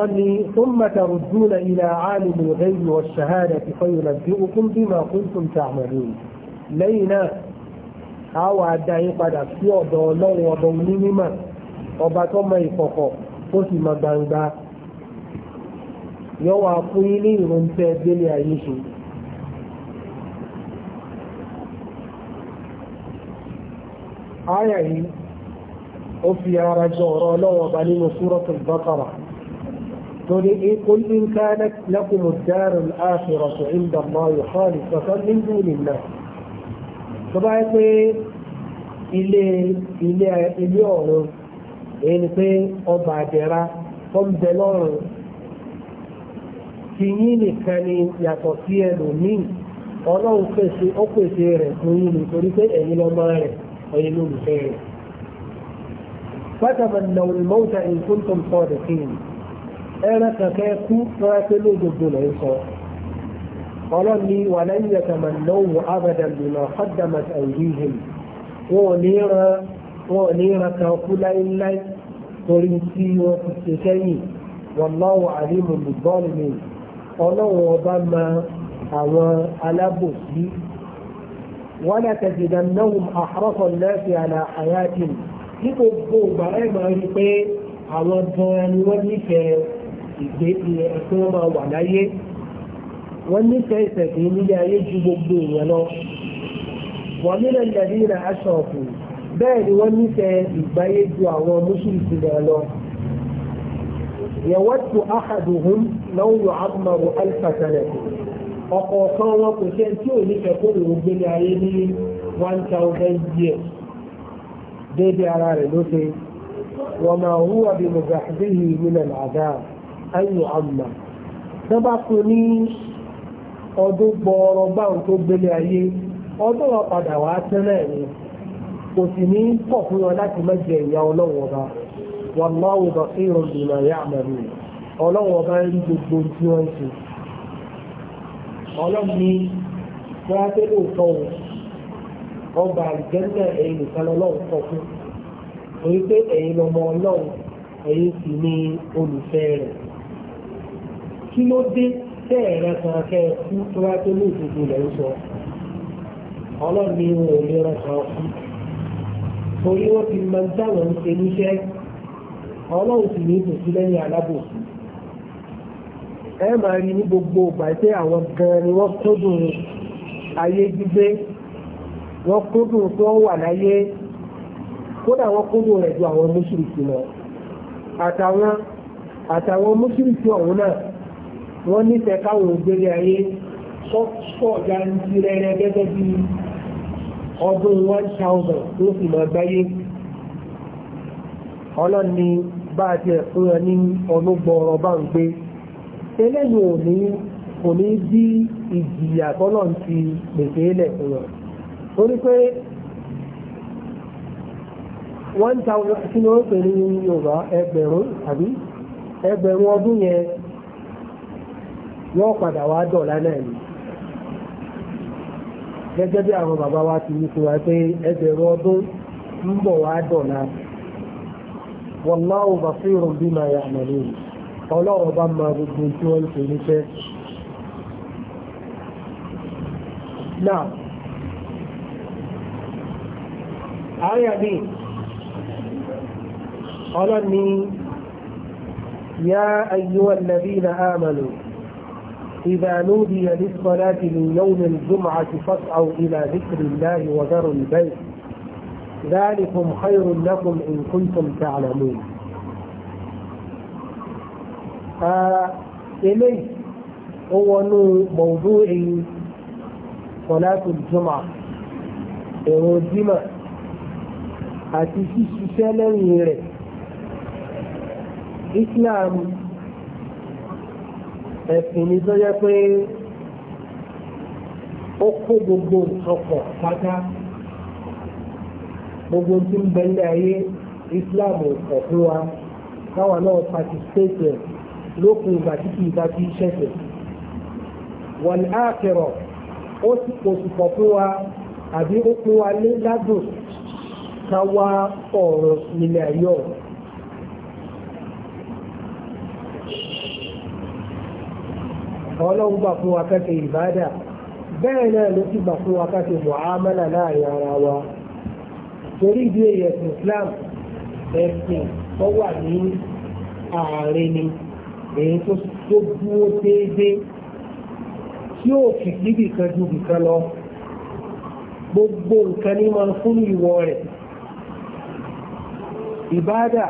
ثم تردون إلى عالم الغيب والشهادة فينبئكم بما كنتم تعملون لينا أو أدعي قد أكسي أدولون وضوني مما وباتم يفقه قسم بانبا yóò wá fún yín ní ìròǹtẹ délé ayé ṣe. Áyà yìí, ó fi ara jọ ọ̀rọ̀ ọlọ́wọ́ ọba torí qul in kanat lakumu ad-daru al-akhiratu inda Allahi khalisatan min dunin-nas tó bá yẹ pé ilé ilé ilé ọ̀run èyí ni pé ọba àdẹ̀ra tó ń bẹ lọ́rùn ti yín nìkan ni yàtọ̀ sí ẹlòmíì ọlọ́run pèsè ó pèsè rẹ̀ fún yín nítorí pé ẹ̀yin lọ́mọ rẹ̀ ẹ̀yin lólùfẹ́ rẹ̀. fatamannaw al-mawta in kuntum sadiqin ẹran kankan kú lọ́wọ́ pé lóògbogbo lọ́ sọ ọlọ́ni wà lẹ́yìn ẹ̀kàmà lọ́wọ́ abadan bima qaddamat aydihim wọn ò ní ran wọn ò ní ran kan kú láéláé torí tí wọn ti ṣe sẹ́yìn wallahu alimun bizzalimin ọlọ́run ọba máa àwọn alábòsí wọ́n tẹ̀sìdá náà àkọ́kọ́ lẹ́sì àlà àyájì ní gbogbo ẹ̀ máa rí pé àwọn gan ni wọ́n nífẹ̀ẹ́ ìgbé tí wọ́n máa wà láyé wọ́n nífẹ̀ẹ́ ìṣẹ̀sìn nílé ayé ju gbogbo èèyàn lọ wọ́n nílẹ̀ ìdàdí ìrà aṣọ ọ̀kùn bẹ́ẹ̀ ni wọ́n nífẹ̀ẹ́ ìgbáyé ju àwọn mùsùlùmí lọ lọ yẹ̀wọ́tò àhàdùhùn náà yọ àmàrò alfàtàlẹ̀ ọ̀kọ̀ọ̀kan wọn kò ṣe tí ò nífẹ̀ẹ́ kó lòun gbélé ayé ní one thousand years déédéé ara rẹ̀ ló wọ́n máa hùwà bí mo gbà bí yìí nílẹ̀ ayò àmà wọ́n bá fún ní ọdún gbọ́ọ̀rọ̀ báwọn tó gbélé ayé ọdún wọn padà wá tẹ́lẹ̀ ni kò sì ní pọ̀ fún wọn láti má ìyá ọlọ́wọ́ ọba wọn máa wò bá sí ìròyìn ìmọ̀ ìyá àmàlù ọlọ́wọ́ ọba gbogbo tí wọ́n ṣe ọlọ́run ní wọ́n á tẹ́lẹ̀ òótọ́ wọn ọba àlùjẹ́nà ẹ̀yìn nìkan sọ fún pé ọlọ́run sì kí ló dé tẹ́ ẹ̀rẹ́ kan kẹ́ ẹ kú tó wá tó lóòótọ́ lẹ̀ ń sọ ọlọ́run ni wọn ò lè rẹ̀ kan kú torí wọ́n ti máa ń dáwọn ń ṣe níṣẹ́ ọlọ́run sì ní ìbòsí lẹ́yìn alábòsí ẹ máa rí ní gbogbo ìgbà pé àwọn gan ni wọ́n kúndùn ayé gbígbé wọ́n kúndùn tí wọ́n wà láyé kódà wọ́n kúndùn rẹ̀ ju àwọn mùsùlùmí lọ àtàwọn àtàwọn mùsùlùmí ọ̀hún náà wọ́n nífẹ̀ẹ́ káwọn ògbélé ayé sọ́ọ̀dá ń ti rẹ̀rẹ̀ gẹ́gẹ́ bí ọdún 1000 tó fi mọ̀ gbáyé ọlọ́ni bá ti ẹ̀fún ẹ ní ọlọ́gbọ̀ọ̀rọ̀ bá ń gbé eléyìí ò ní kò ní bí ìjìyà tọ́lọ̀ ti pèsè ilẹ̀ fún wọn torí pé 1000 kí ni ó pè ní Yorùbá ẹgbẹ̀rún àbí ẹgbẹ̀rún ọdún yẹn yóò padà wá dọ̀lá náà ni gẹ́gẹ́ bí àwọn bàbá wa ti wí wa pé ẹgbẹ̀rún ọdún ń bọ̀ wá dọ̀lá wallahu basirun bima ya'malun ọlọ́run bá máa gbogbo tí wọ́n ń níṣẹ́. náà ọlọ́ni ya ayyuhan ladina amanu. إذا نودي للصلاة من يوم الجمعة فاسعوا إلى ذكر الله وذروا البيت ذلكم خير لكم إن كنتم تعلمون آه، إليه هو موضوع صلاة الجمعة الجمعة أتي في الشيشة إسلام ẹ̀sìn ni tó yẹ pé ó kó gbogbo nǹkan pọ̀ pátá gbogbo tí ń bẹ ní ayé Islam ọ̀pọ̀ fún wa káwa náà participate lókun ìgbà tí kì í bá ti ṣẹ̀ṣẹ̀ wal akhirah ó sì kò sì pọ̀ fún wa àbí ó fún wa ní ládùn ká ọ̀rọ̀ nílẹ̀ ayé ọ̀rọ̀. ọlọ́run gbà fún wa ká ṣe ìbádà bẹ́ẹ̀ náà ló sì gbà fún wa ká ṣe mọ̀ámálà láàrin ara wa torí ìdí èyí ẹ̀sìn Islam ẹ̀sìn tó wà ní ààrẹ ni èyí tó dúró déédéé tí ó fi níbi kan ju nìkan lọ gbogbo nǹkan ní máa fún ìwọ rẹ̀ ìbádà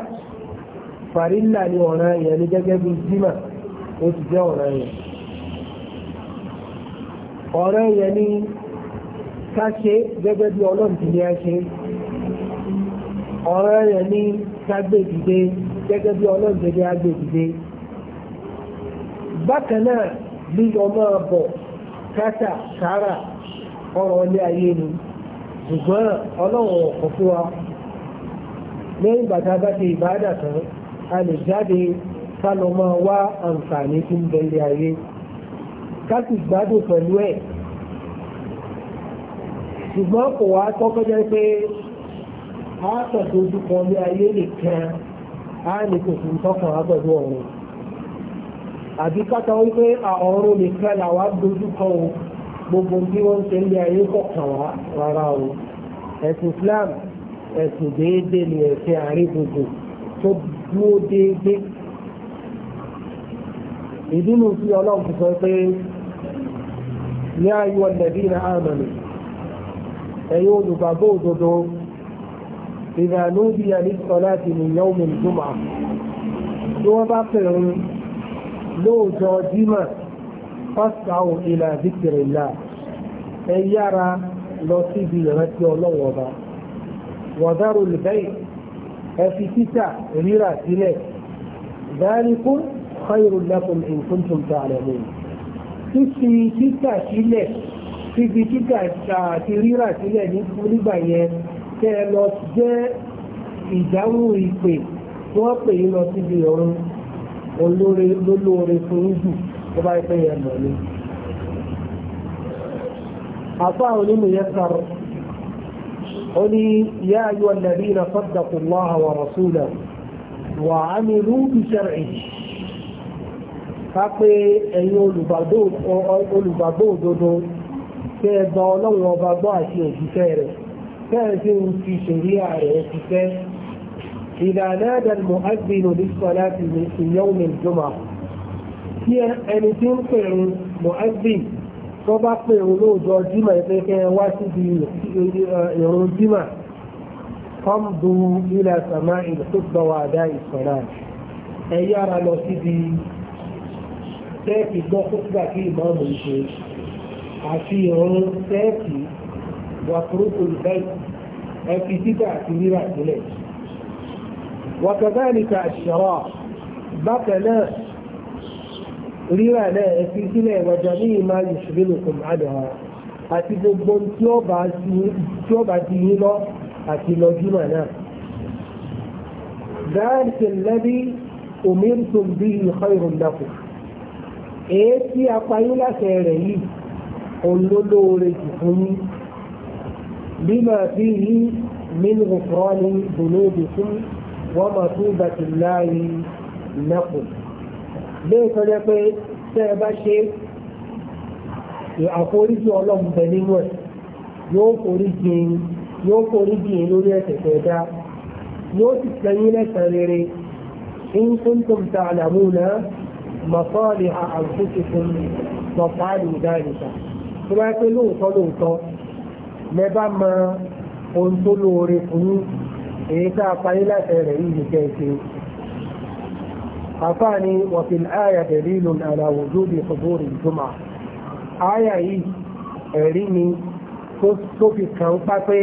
fàrílà ni ọ̀ràn yẹn ní gẹ́gẹ́ bí jimá ó ti jẹ́ ọ̀ràn yẹn. ọ̀rẹ́ yẹn ni ká ṣe gẹ́gẹ́ bí ọlọ́run ti ṣe ọ̀rẹ́ yẹn ni ká gẹ́gẹ́ bí ọlọ́run ti ní ẹ gbé dìde bákan sára ọ̀rọ̀ ilé ayé ni ṣùgbọ́n ọlọ́run ọ̀kọ̀ fún wa lẹ́yìn bàtà bá ti tán a lè jáde ká wá àǹfààní káàkì gbádùn pẹ̀lú ẹ̀ ṣùgbọ́n kò wá tọ́kọ́ jẹ́ pé a pẹ̀lú ojú kan ní ayé nìkan a lè kò sí tọ́kàn á pẹ̀lú ọ̀run àbí káta wípé ọ̀run nìkan làwa dojú kan o gbogbo bí wọ́n ń ṣe ní ayé kọ̀ọ̀kan wá rárá o ẹ̀sìn Islam ẹ̀sìn déédéé ni ẹ̀sìn àrígbogbo tó dúró déédéé ìdí nu sí ọlọ́run ti sọ pé ní ayé ọ̀nàbí na àmàlù ẹ̀yọ́ olùgbàgbọ́ òdodo ìdààmú bí i àlìsọ̀ láti nìyàn omi ìjùmọ̀ tí wọ́n bá pẹ̀rù lóòjọ́ jímọ̀ fásitì ìlà zikiri ńlá ẹ yára lọ síbi ìrántí ọlọ́wọ́ wọ̀dárò lùbẹ́yì ẹ fi títà rírà sílẹ̀ dáríkún khairun lakum in fífi títà sílẹ̀ fífi títà àti rírà sílẹ̀ nígbà yẹn tẹ́ lọ jẹ́ ìdáhùn ìpè tí wọ́n pè yín lọ síbi ọ̀run olóore lólóore fún jù tó bá pẹ́ yẹn lọ ní. àpá onímọ̀ yẹn sọ̀rọ̀ ó ní yá ayọ̀ nàbí na fọ́dàkùnmọ́ àwọn rọ̀súlẹ̀ wà á ní rúbì sẹ́rìn ká pé ẹ̀yin olùgbàgbọ́ òdodo kẹ́ ẹ gba ọlọ́run ọba gbọ́ àti òjíṣẹ́ rẹ̀ kẹ́ ẹ sì ń fi ṣèríà rẹ̀ ṣiṣẹ́ إذا نادى المؤذن للصلاة في يوم الجمعة هي أن تنقع مؤذن طبعا لوجو الجمعة يقول واسد يرون الجمعة فامضوا إلى سماع الخطبة وأداء الصلاة أي يرى لو سيدي tẹ́ẹ̀kì gbọ́ kókùgbà kí ìmọ̀ọ́mù ń ṣe àti ìrún tẹ́ẹ̀kì wà fúrúkú ìbẹ́ẹ̀kì ẹ̀fì títà àti rírà sílẹ̀. وكذلك الشراء بقى لا ريرا لا في سلة وجميع ما يشغلكم عنها àti gbogbo tí ó bá di yín lọ àti lọ́júmọ̀ náà. ذلك الذي أمرتم به خير لكم èé tí apayé láṣẹ rẹ̀ yìí olólóore jù fún yín bímọ bí yí nínú kọ́ ní dùnúbì fún wọ́n mọ̀ tún bàtì láàrin lẹ́kùn léè tó jẹ́ pé tẹ́ ẹ bá ṣe àforíjì ọlọ́run nínú ẹ̀ yóò foríjì yóò foríjì lórí ẹ̀ṣẹ̀ tó yóò sì sẹ́yìn lẹ́sàn rere in kuntum ta'lamuna náà مصالح أنفسكم وافعلوا ذلك tó bá pé lóòótọ́ lóòótọ́ lẹ bá mọ ohun tó lóore fún yín èyí tá a parí láti rẹ̀ yìí nìkẹ́ ṣe àfáàní wọ̀fìn àyà dẹ̀lílù àlàwò lóde ìfọ̀bórì ìjọmà àyà yìí ẹ̀rí ni tó fi kàn pa pé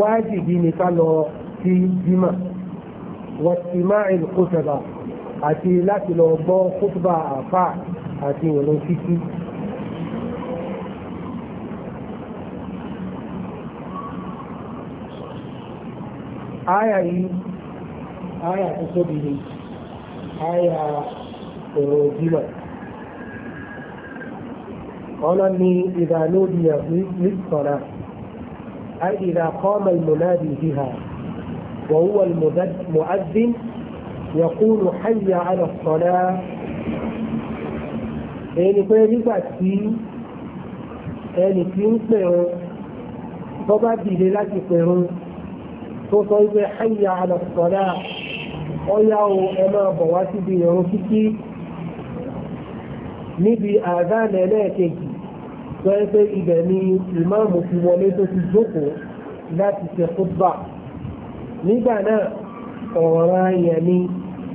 wájìbí ni ká lọ sí jímà wọ̀tìmáìlì kó sẹ̀bà àti láti lọ gbọ́ kútùbà àfà àti ìrun títí. Aya yìí, aya tó tóbi ni, aya ọ̀rọ̀ ìjìnlẹ̀. قالني إذا نودي للصلاة أي إذا قام المنادي بها وهو المؤذن يقول حي على الصلاة ẹni pé nígbà tí ẹni tí ń pẹ̀rún tó bá dìde láti pẹ̀rún tó sọ wípé hayya ala salah ọyá o ẹ máa bọ̀ wá síbi ìrún kíkí níbi àdán ẹlẹ́ẹ̀kejì tó ẹ pé ibẹ̀ ni ìmáàmù ti wọlé tó ti jókòó láti ṣe nígbà náà ọ̀ràn ayẹ̀ ni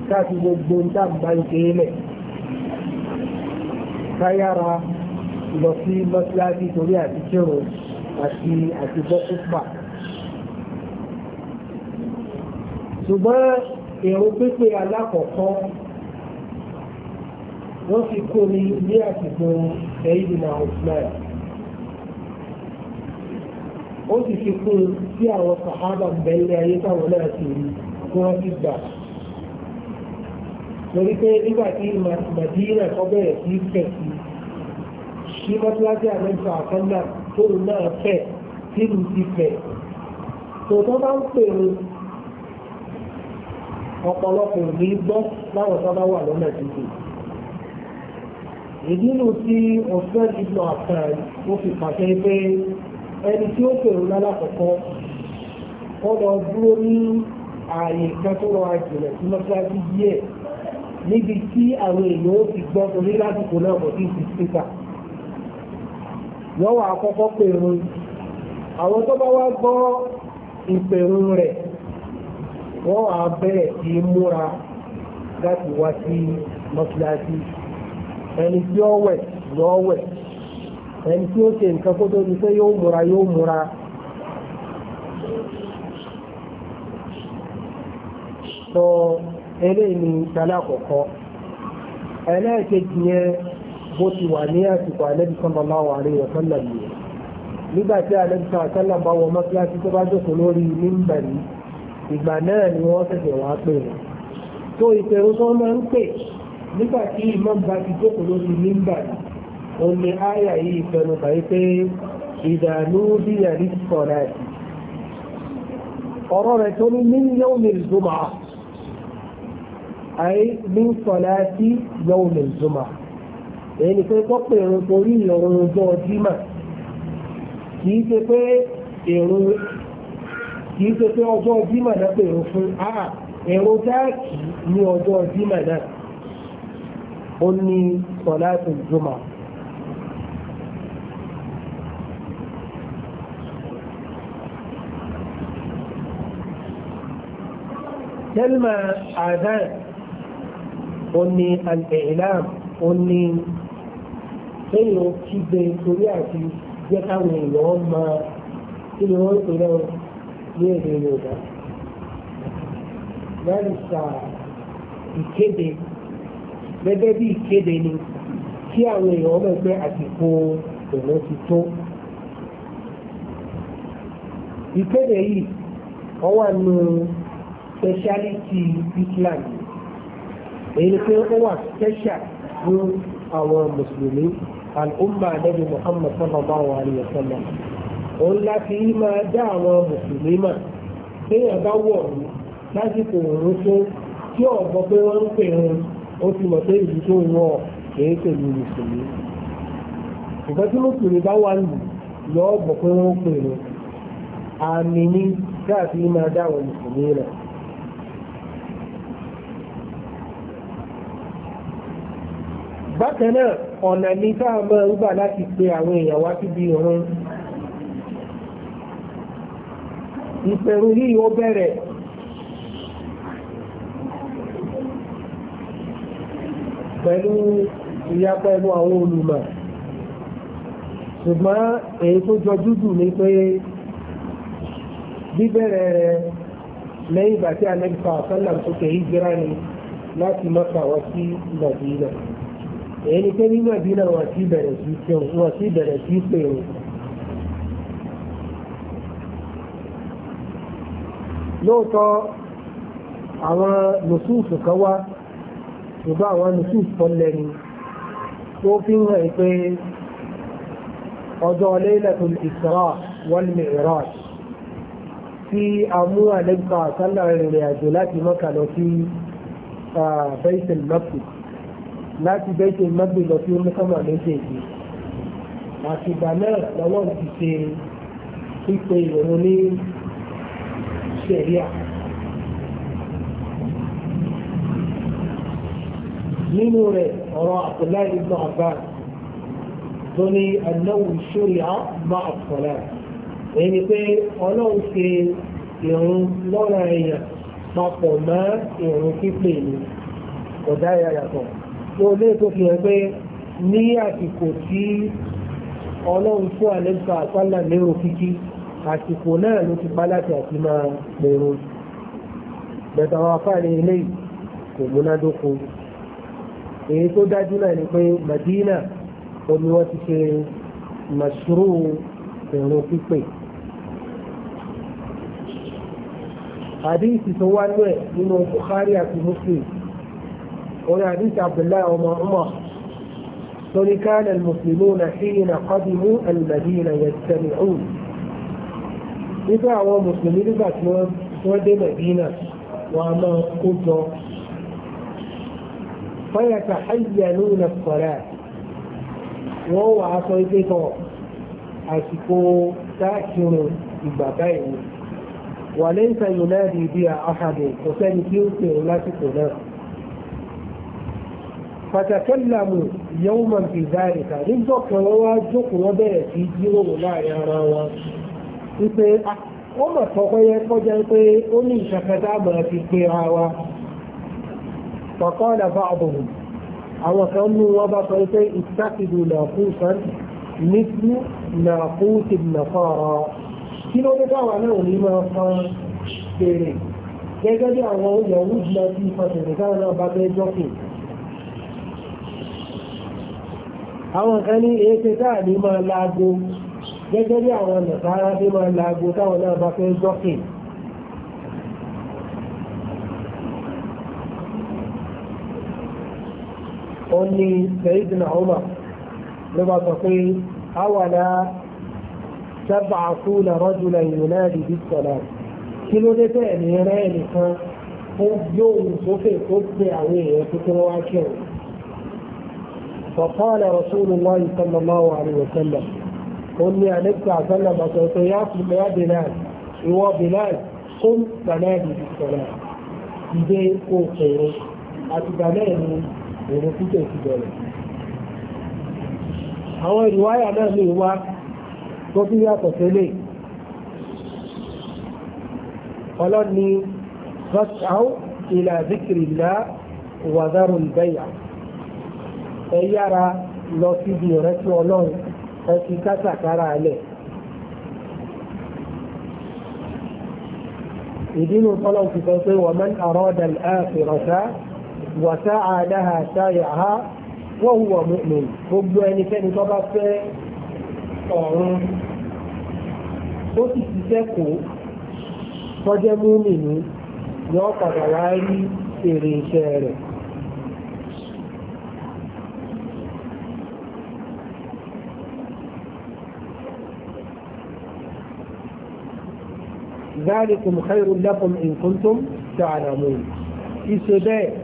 káàkiri gbogbo ń dàgbà ń ṣe lẹ̀ káyára lọ sí mọ́síláàdì torí àti kírun àti àti bọ́kúpà ṣùgbọ́n èrò pípé alákọ̀ọ́kọ́ wọ́n fi kó ní ní àsìkò ẹ̀yìnà ọ̀sùnmáà ó sì fi kó sí àwọn sàhábà bẹ̀lẹ̀ ayé táwọn náà ti rí i tí wọ́n ti gbà torí pé nígbà tí màdínà kọ́ bẹ̀rẹ̀ sí kẹ̀sì sí mọ́tíláṣí àmẹ́fà àkọ́nà tóun náà fẹ̀ tìlù ti fẹ̀ tòótọ́ bá ń pèrò ọ̀pọ̀lọpọ̀ ní gbọ́ láwọn tó bá wà lọ́nà dídì ìdínú tí ọ̀fẹ́ ìlú àkàn ó fi pàṣẹ pé ẹni tí ó pèrò lálàkọ̀kọ́ ó dúró ní ààyè kan tó rọra jìnà sí mọ́ṣáláṣí díẹ̀ níbi tí àwọn èèyàn ó ti gbọ́ torí lásìkò náà kò tíì fi síta. wọ́n wà àkọ́kọ́ pèrun àwọn tó bá wá gbọ́ ìpèrun rẹ̀ wọ́n wà bẹ̀rẹ̀ sí múra láti wá sí mọ́ṣáláṣí ẹni tí ó wẹ̀ lọ́ọ́ wẹ̀ ẹni tí ó ṣe nǹkan kó tó di pé yóò múra yóò múra. sọ eléyìí ní ìṣẹ̀lẹ̀ àkọ́kọ́ ẹlẹ́ẹ̀kejì yẹn bó ti wà ní àsìkò àlẹ́bí sallallahu alaihi wa sallam yìí nígbà tí àlẹ́bí sallallahu bá wọ mọ́síláṣí tó bá jókòó lórí mímbàrí ìgbà náà ni wọ́n ṣẹ̀ṣẹ̀ wá pè wọ́n tó ìpẹ̀rù tó máa ń pè nígbà tí imam bá ti jókòó lórí mímbàrí ó ní áyà yìí fẹnu bàyí pé ìdààmú bí yàrá ìsọ̀rọ̀ ọ̀rọ̀ rẹ̀ tó ní mílíọ̀nù ìdúmọ̀ أي من صلاة يوم الجمعة يعني في قطع رطوري يوم الجمعة كيف يقول kìí ṣe pé ọjọ́ jímà náà pèrò fún àà ẹ̀rọ dáàkì ní ọjọ́ jímà náà ó ní sọ̀láàtù jùmà tẹ́lmà àdáyà ó ní al-i'lam ó ní kéèyàn kígbe torí àti jẹ́ káwọn èèyàn máa kí ni wọ́n ń pè ní èdè Yorùbá lẹ́rìsà ìkéde gẹ́gẹ́ bí ìkéde ni kí àwọn èèyàn ọmọ ẹgbẹ́ àsìkò òun ti tó. ìkéde yìí ọwọ́ nu speciality Islam èyí ni pé ó wà special fún àwọn mùsùlùmí al'umma nabi muhammad sallallahu alayhi wa sallam òun láti máa dá àwọn mùsùlùmí mà téèyàn bá wọ̀ ní lásìkò òun tó o ọ̀gbọ́n pé wọ́n ń pè wọn ó ti mọ̀ bákan náà ọ̀nà ní táà mọ́ rúbà láti pe àwọn èèyàn wá síbi ìrun ìpẹ̀rù yìí ó bẹ̀rẹ̀ pẹ̀lú ìyapa ẹnu àwọn olùmọ̀ ṣùgbọ́n èyí tó jọjú jù ní pé bíbẹ̀rẹ̀ rẹ̀ lẹ́yìn ìgbà tí anẹ́gbẹ̀fà ọ̀sán náà tó ni láti èyí ni pé ní Mẹdínà wọn ti bẹ̀rẹ̀ sí ṣeun wọn ti bẹ̀rẹ̀ sí pèrò. lóòótọ́ àwọn lùsùsù kan wá ṣùgbọ́n àwọn lùsùsù kan lẹ́nu tó fi ń hàn pé ọjọ́ Laylatul Isra wal Mi'raj tí a mú àlẹ́gbà sálà rìnrìn àjò láti Mọ́kà sí ah, Baitul Maqdis láti bẹ́ẹ̀kẹ́ mọ́gbé lọ sí oníkọ́mà méjèèjì àtìgbà náà lọ́wọ́ ti ṣe pípe ìrònú ní ṣẹ̀ríà nínú rẹ̀ ọ̀rọ̀ Abdullahi ibn Abbas tó ní anáwó ṣúríà máa fọ̀lá èyí ni pé ọlọ́run ṣe ìrún lọ́ra èèyàn papọ̀ mọ́ ìrún pípé ni kò dá yàtọ̀ tó lé tó fi hàn pé ní àsìkò tí ọlọ́run fún àlẹ́sà àpálà lérò kíkí àsìkò náà ló ti pa láti àti máa lérò bẹ̀tà wọn afáàní ilé kò múnádóko èyí tó dájú náà ni pé Madina omi wọn ti ṣe màṣúrù ìrùn pípé àdéhìsì tó wá lọ́ẹ̀ nínú Bukhari àti Muslim هنا حديث عبد الله وما عمر قل كان المسلمون حين قدموا المدينة يجتمعون إذا هو مسلمين إذا ودي مدينة وما قدوا فيتحينون الصلاة وهو عصيته àsìkò táàkìrùn ìgbà báyìí wà lẹ́yìn tàyínádìí bí i àhàdùn kò فتكلموا يوما في ذلك nígbà kan wọ́n wá jókòó wọ́n bẹ̀rẹ̀ sí jíròrò láàrin ara wọn wípé wọ́n mọ̀ tọ́kọ́ yẹ kọjá pé ó ní ìṣàkẹta àmọ̀ ti pé ra wa فقال بعضهم àwọn kan mú wọn bá sọ pé اتخذوا ناقوسا مثل ناقوس النصارى kí ló dé báwa náà ní máa fa fèrè gẹ́gẹ́ bí àwọn yahoo náà ti fa fèrè káwọn náà bá fẹ́ jọ́kìn àwọn kan ní èéṣe táà ní máa láago gẹ́gẹ́ bí àwọn nàìjíríà ní máa láago táwọn náà bá fẹ́ jọ́kì ó ní sẹ́yìdìnà ọmọ ló bá sọ pé àwàlá sábà àkúlà rọ́jùlá ìrìnàdì bí sọ̀lá kí ló dé tẹ́ ẹ̀mí rẹ̀ nìkan ó yóò sókè tó pe àwọn èèyàn tó tó wá kẹrù فقال رسول الله صلى الله عليه وسلم قل لي أن ادفع سلم وسيطيات يا بلال هو بلال قم بنادي بالسلام إذا قل خيره أتبناني ونفيت الكبيرة àwọn ìwáyà náà lè wá tó bí yàtọ̀ tẹ́lẹ̀ ọlọ́ni fọ́sáwọ́ ìlà zikrillah ẹ yára lọ síbi ìrẹsì ọlọ́run ẹ fi kátàkárà alẹ̀. ìdínú tọ́lọ́n ti sọ pé wọ́n mẹ́n àrọ́dà àfìrọ̀sá wàsá àdáhà sáyà ha wọ́n wọ̀ mọ́mọ́ gbogbo ẹnikẹ́ni tó bá fẹ́ ọ̀run tó sì ti sẹ́kọ̀ọ́ tọ́jẹ́ múmi ní yọ́ padà wá rí èrè iṣẹ́ rẹ̀. ذلكم خير لكم إن كنتم تعلمون ìṣe bẹ́ẹ̀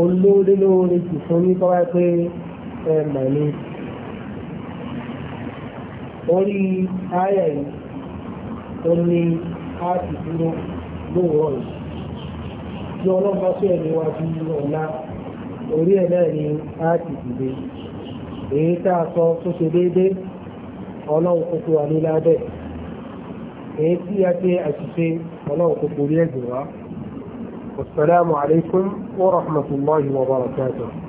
olóore lóore jù fún ní tọ́wá pé ẹ mọ̀ ní orí ayà yìí ó ní a ti dúró lóòrọ̀ yìí tí ọlọ́pàá sí ẹ̀mí wa bí ọ̀la orí ẹ̀ náà ni a ti dìde èyí tá a sọ tó ṣe déédéé ọlọ́run kókó wa ní lábẹ́ èyí tí a ṣe àṣìṣe ọlọ́run kò kò rí ẹ̀jẹ̀ wá. Assalamu alaikum wa rahmatullahi wa barakatuh.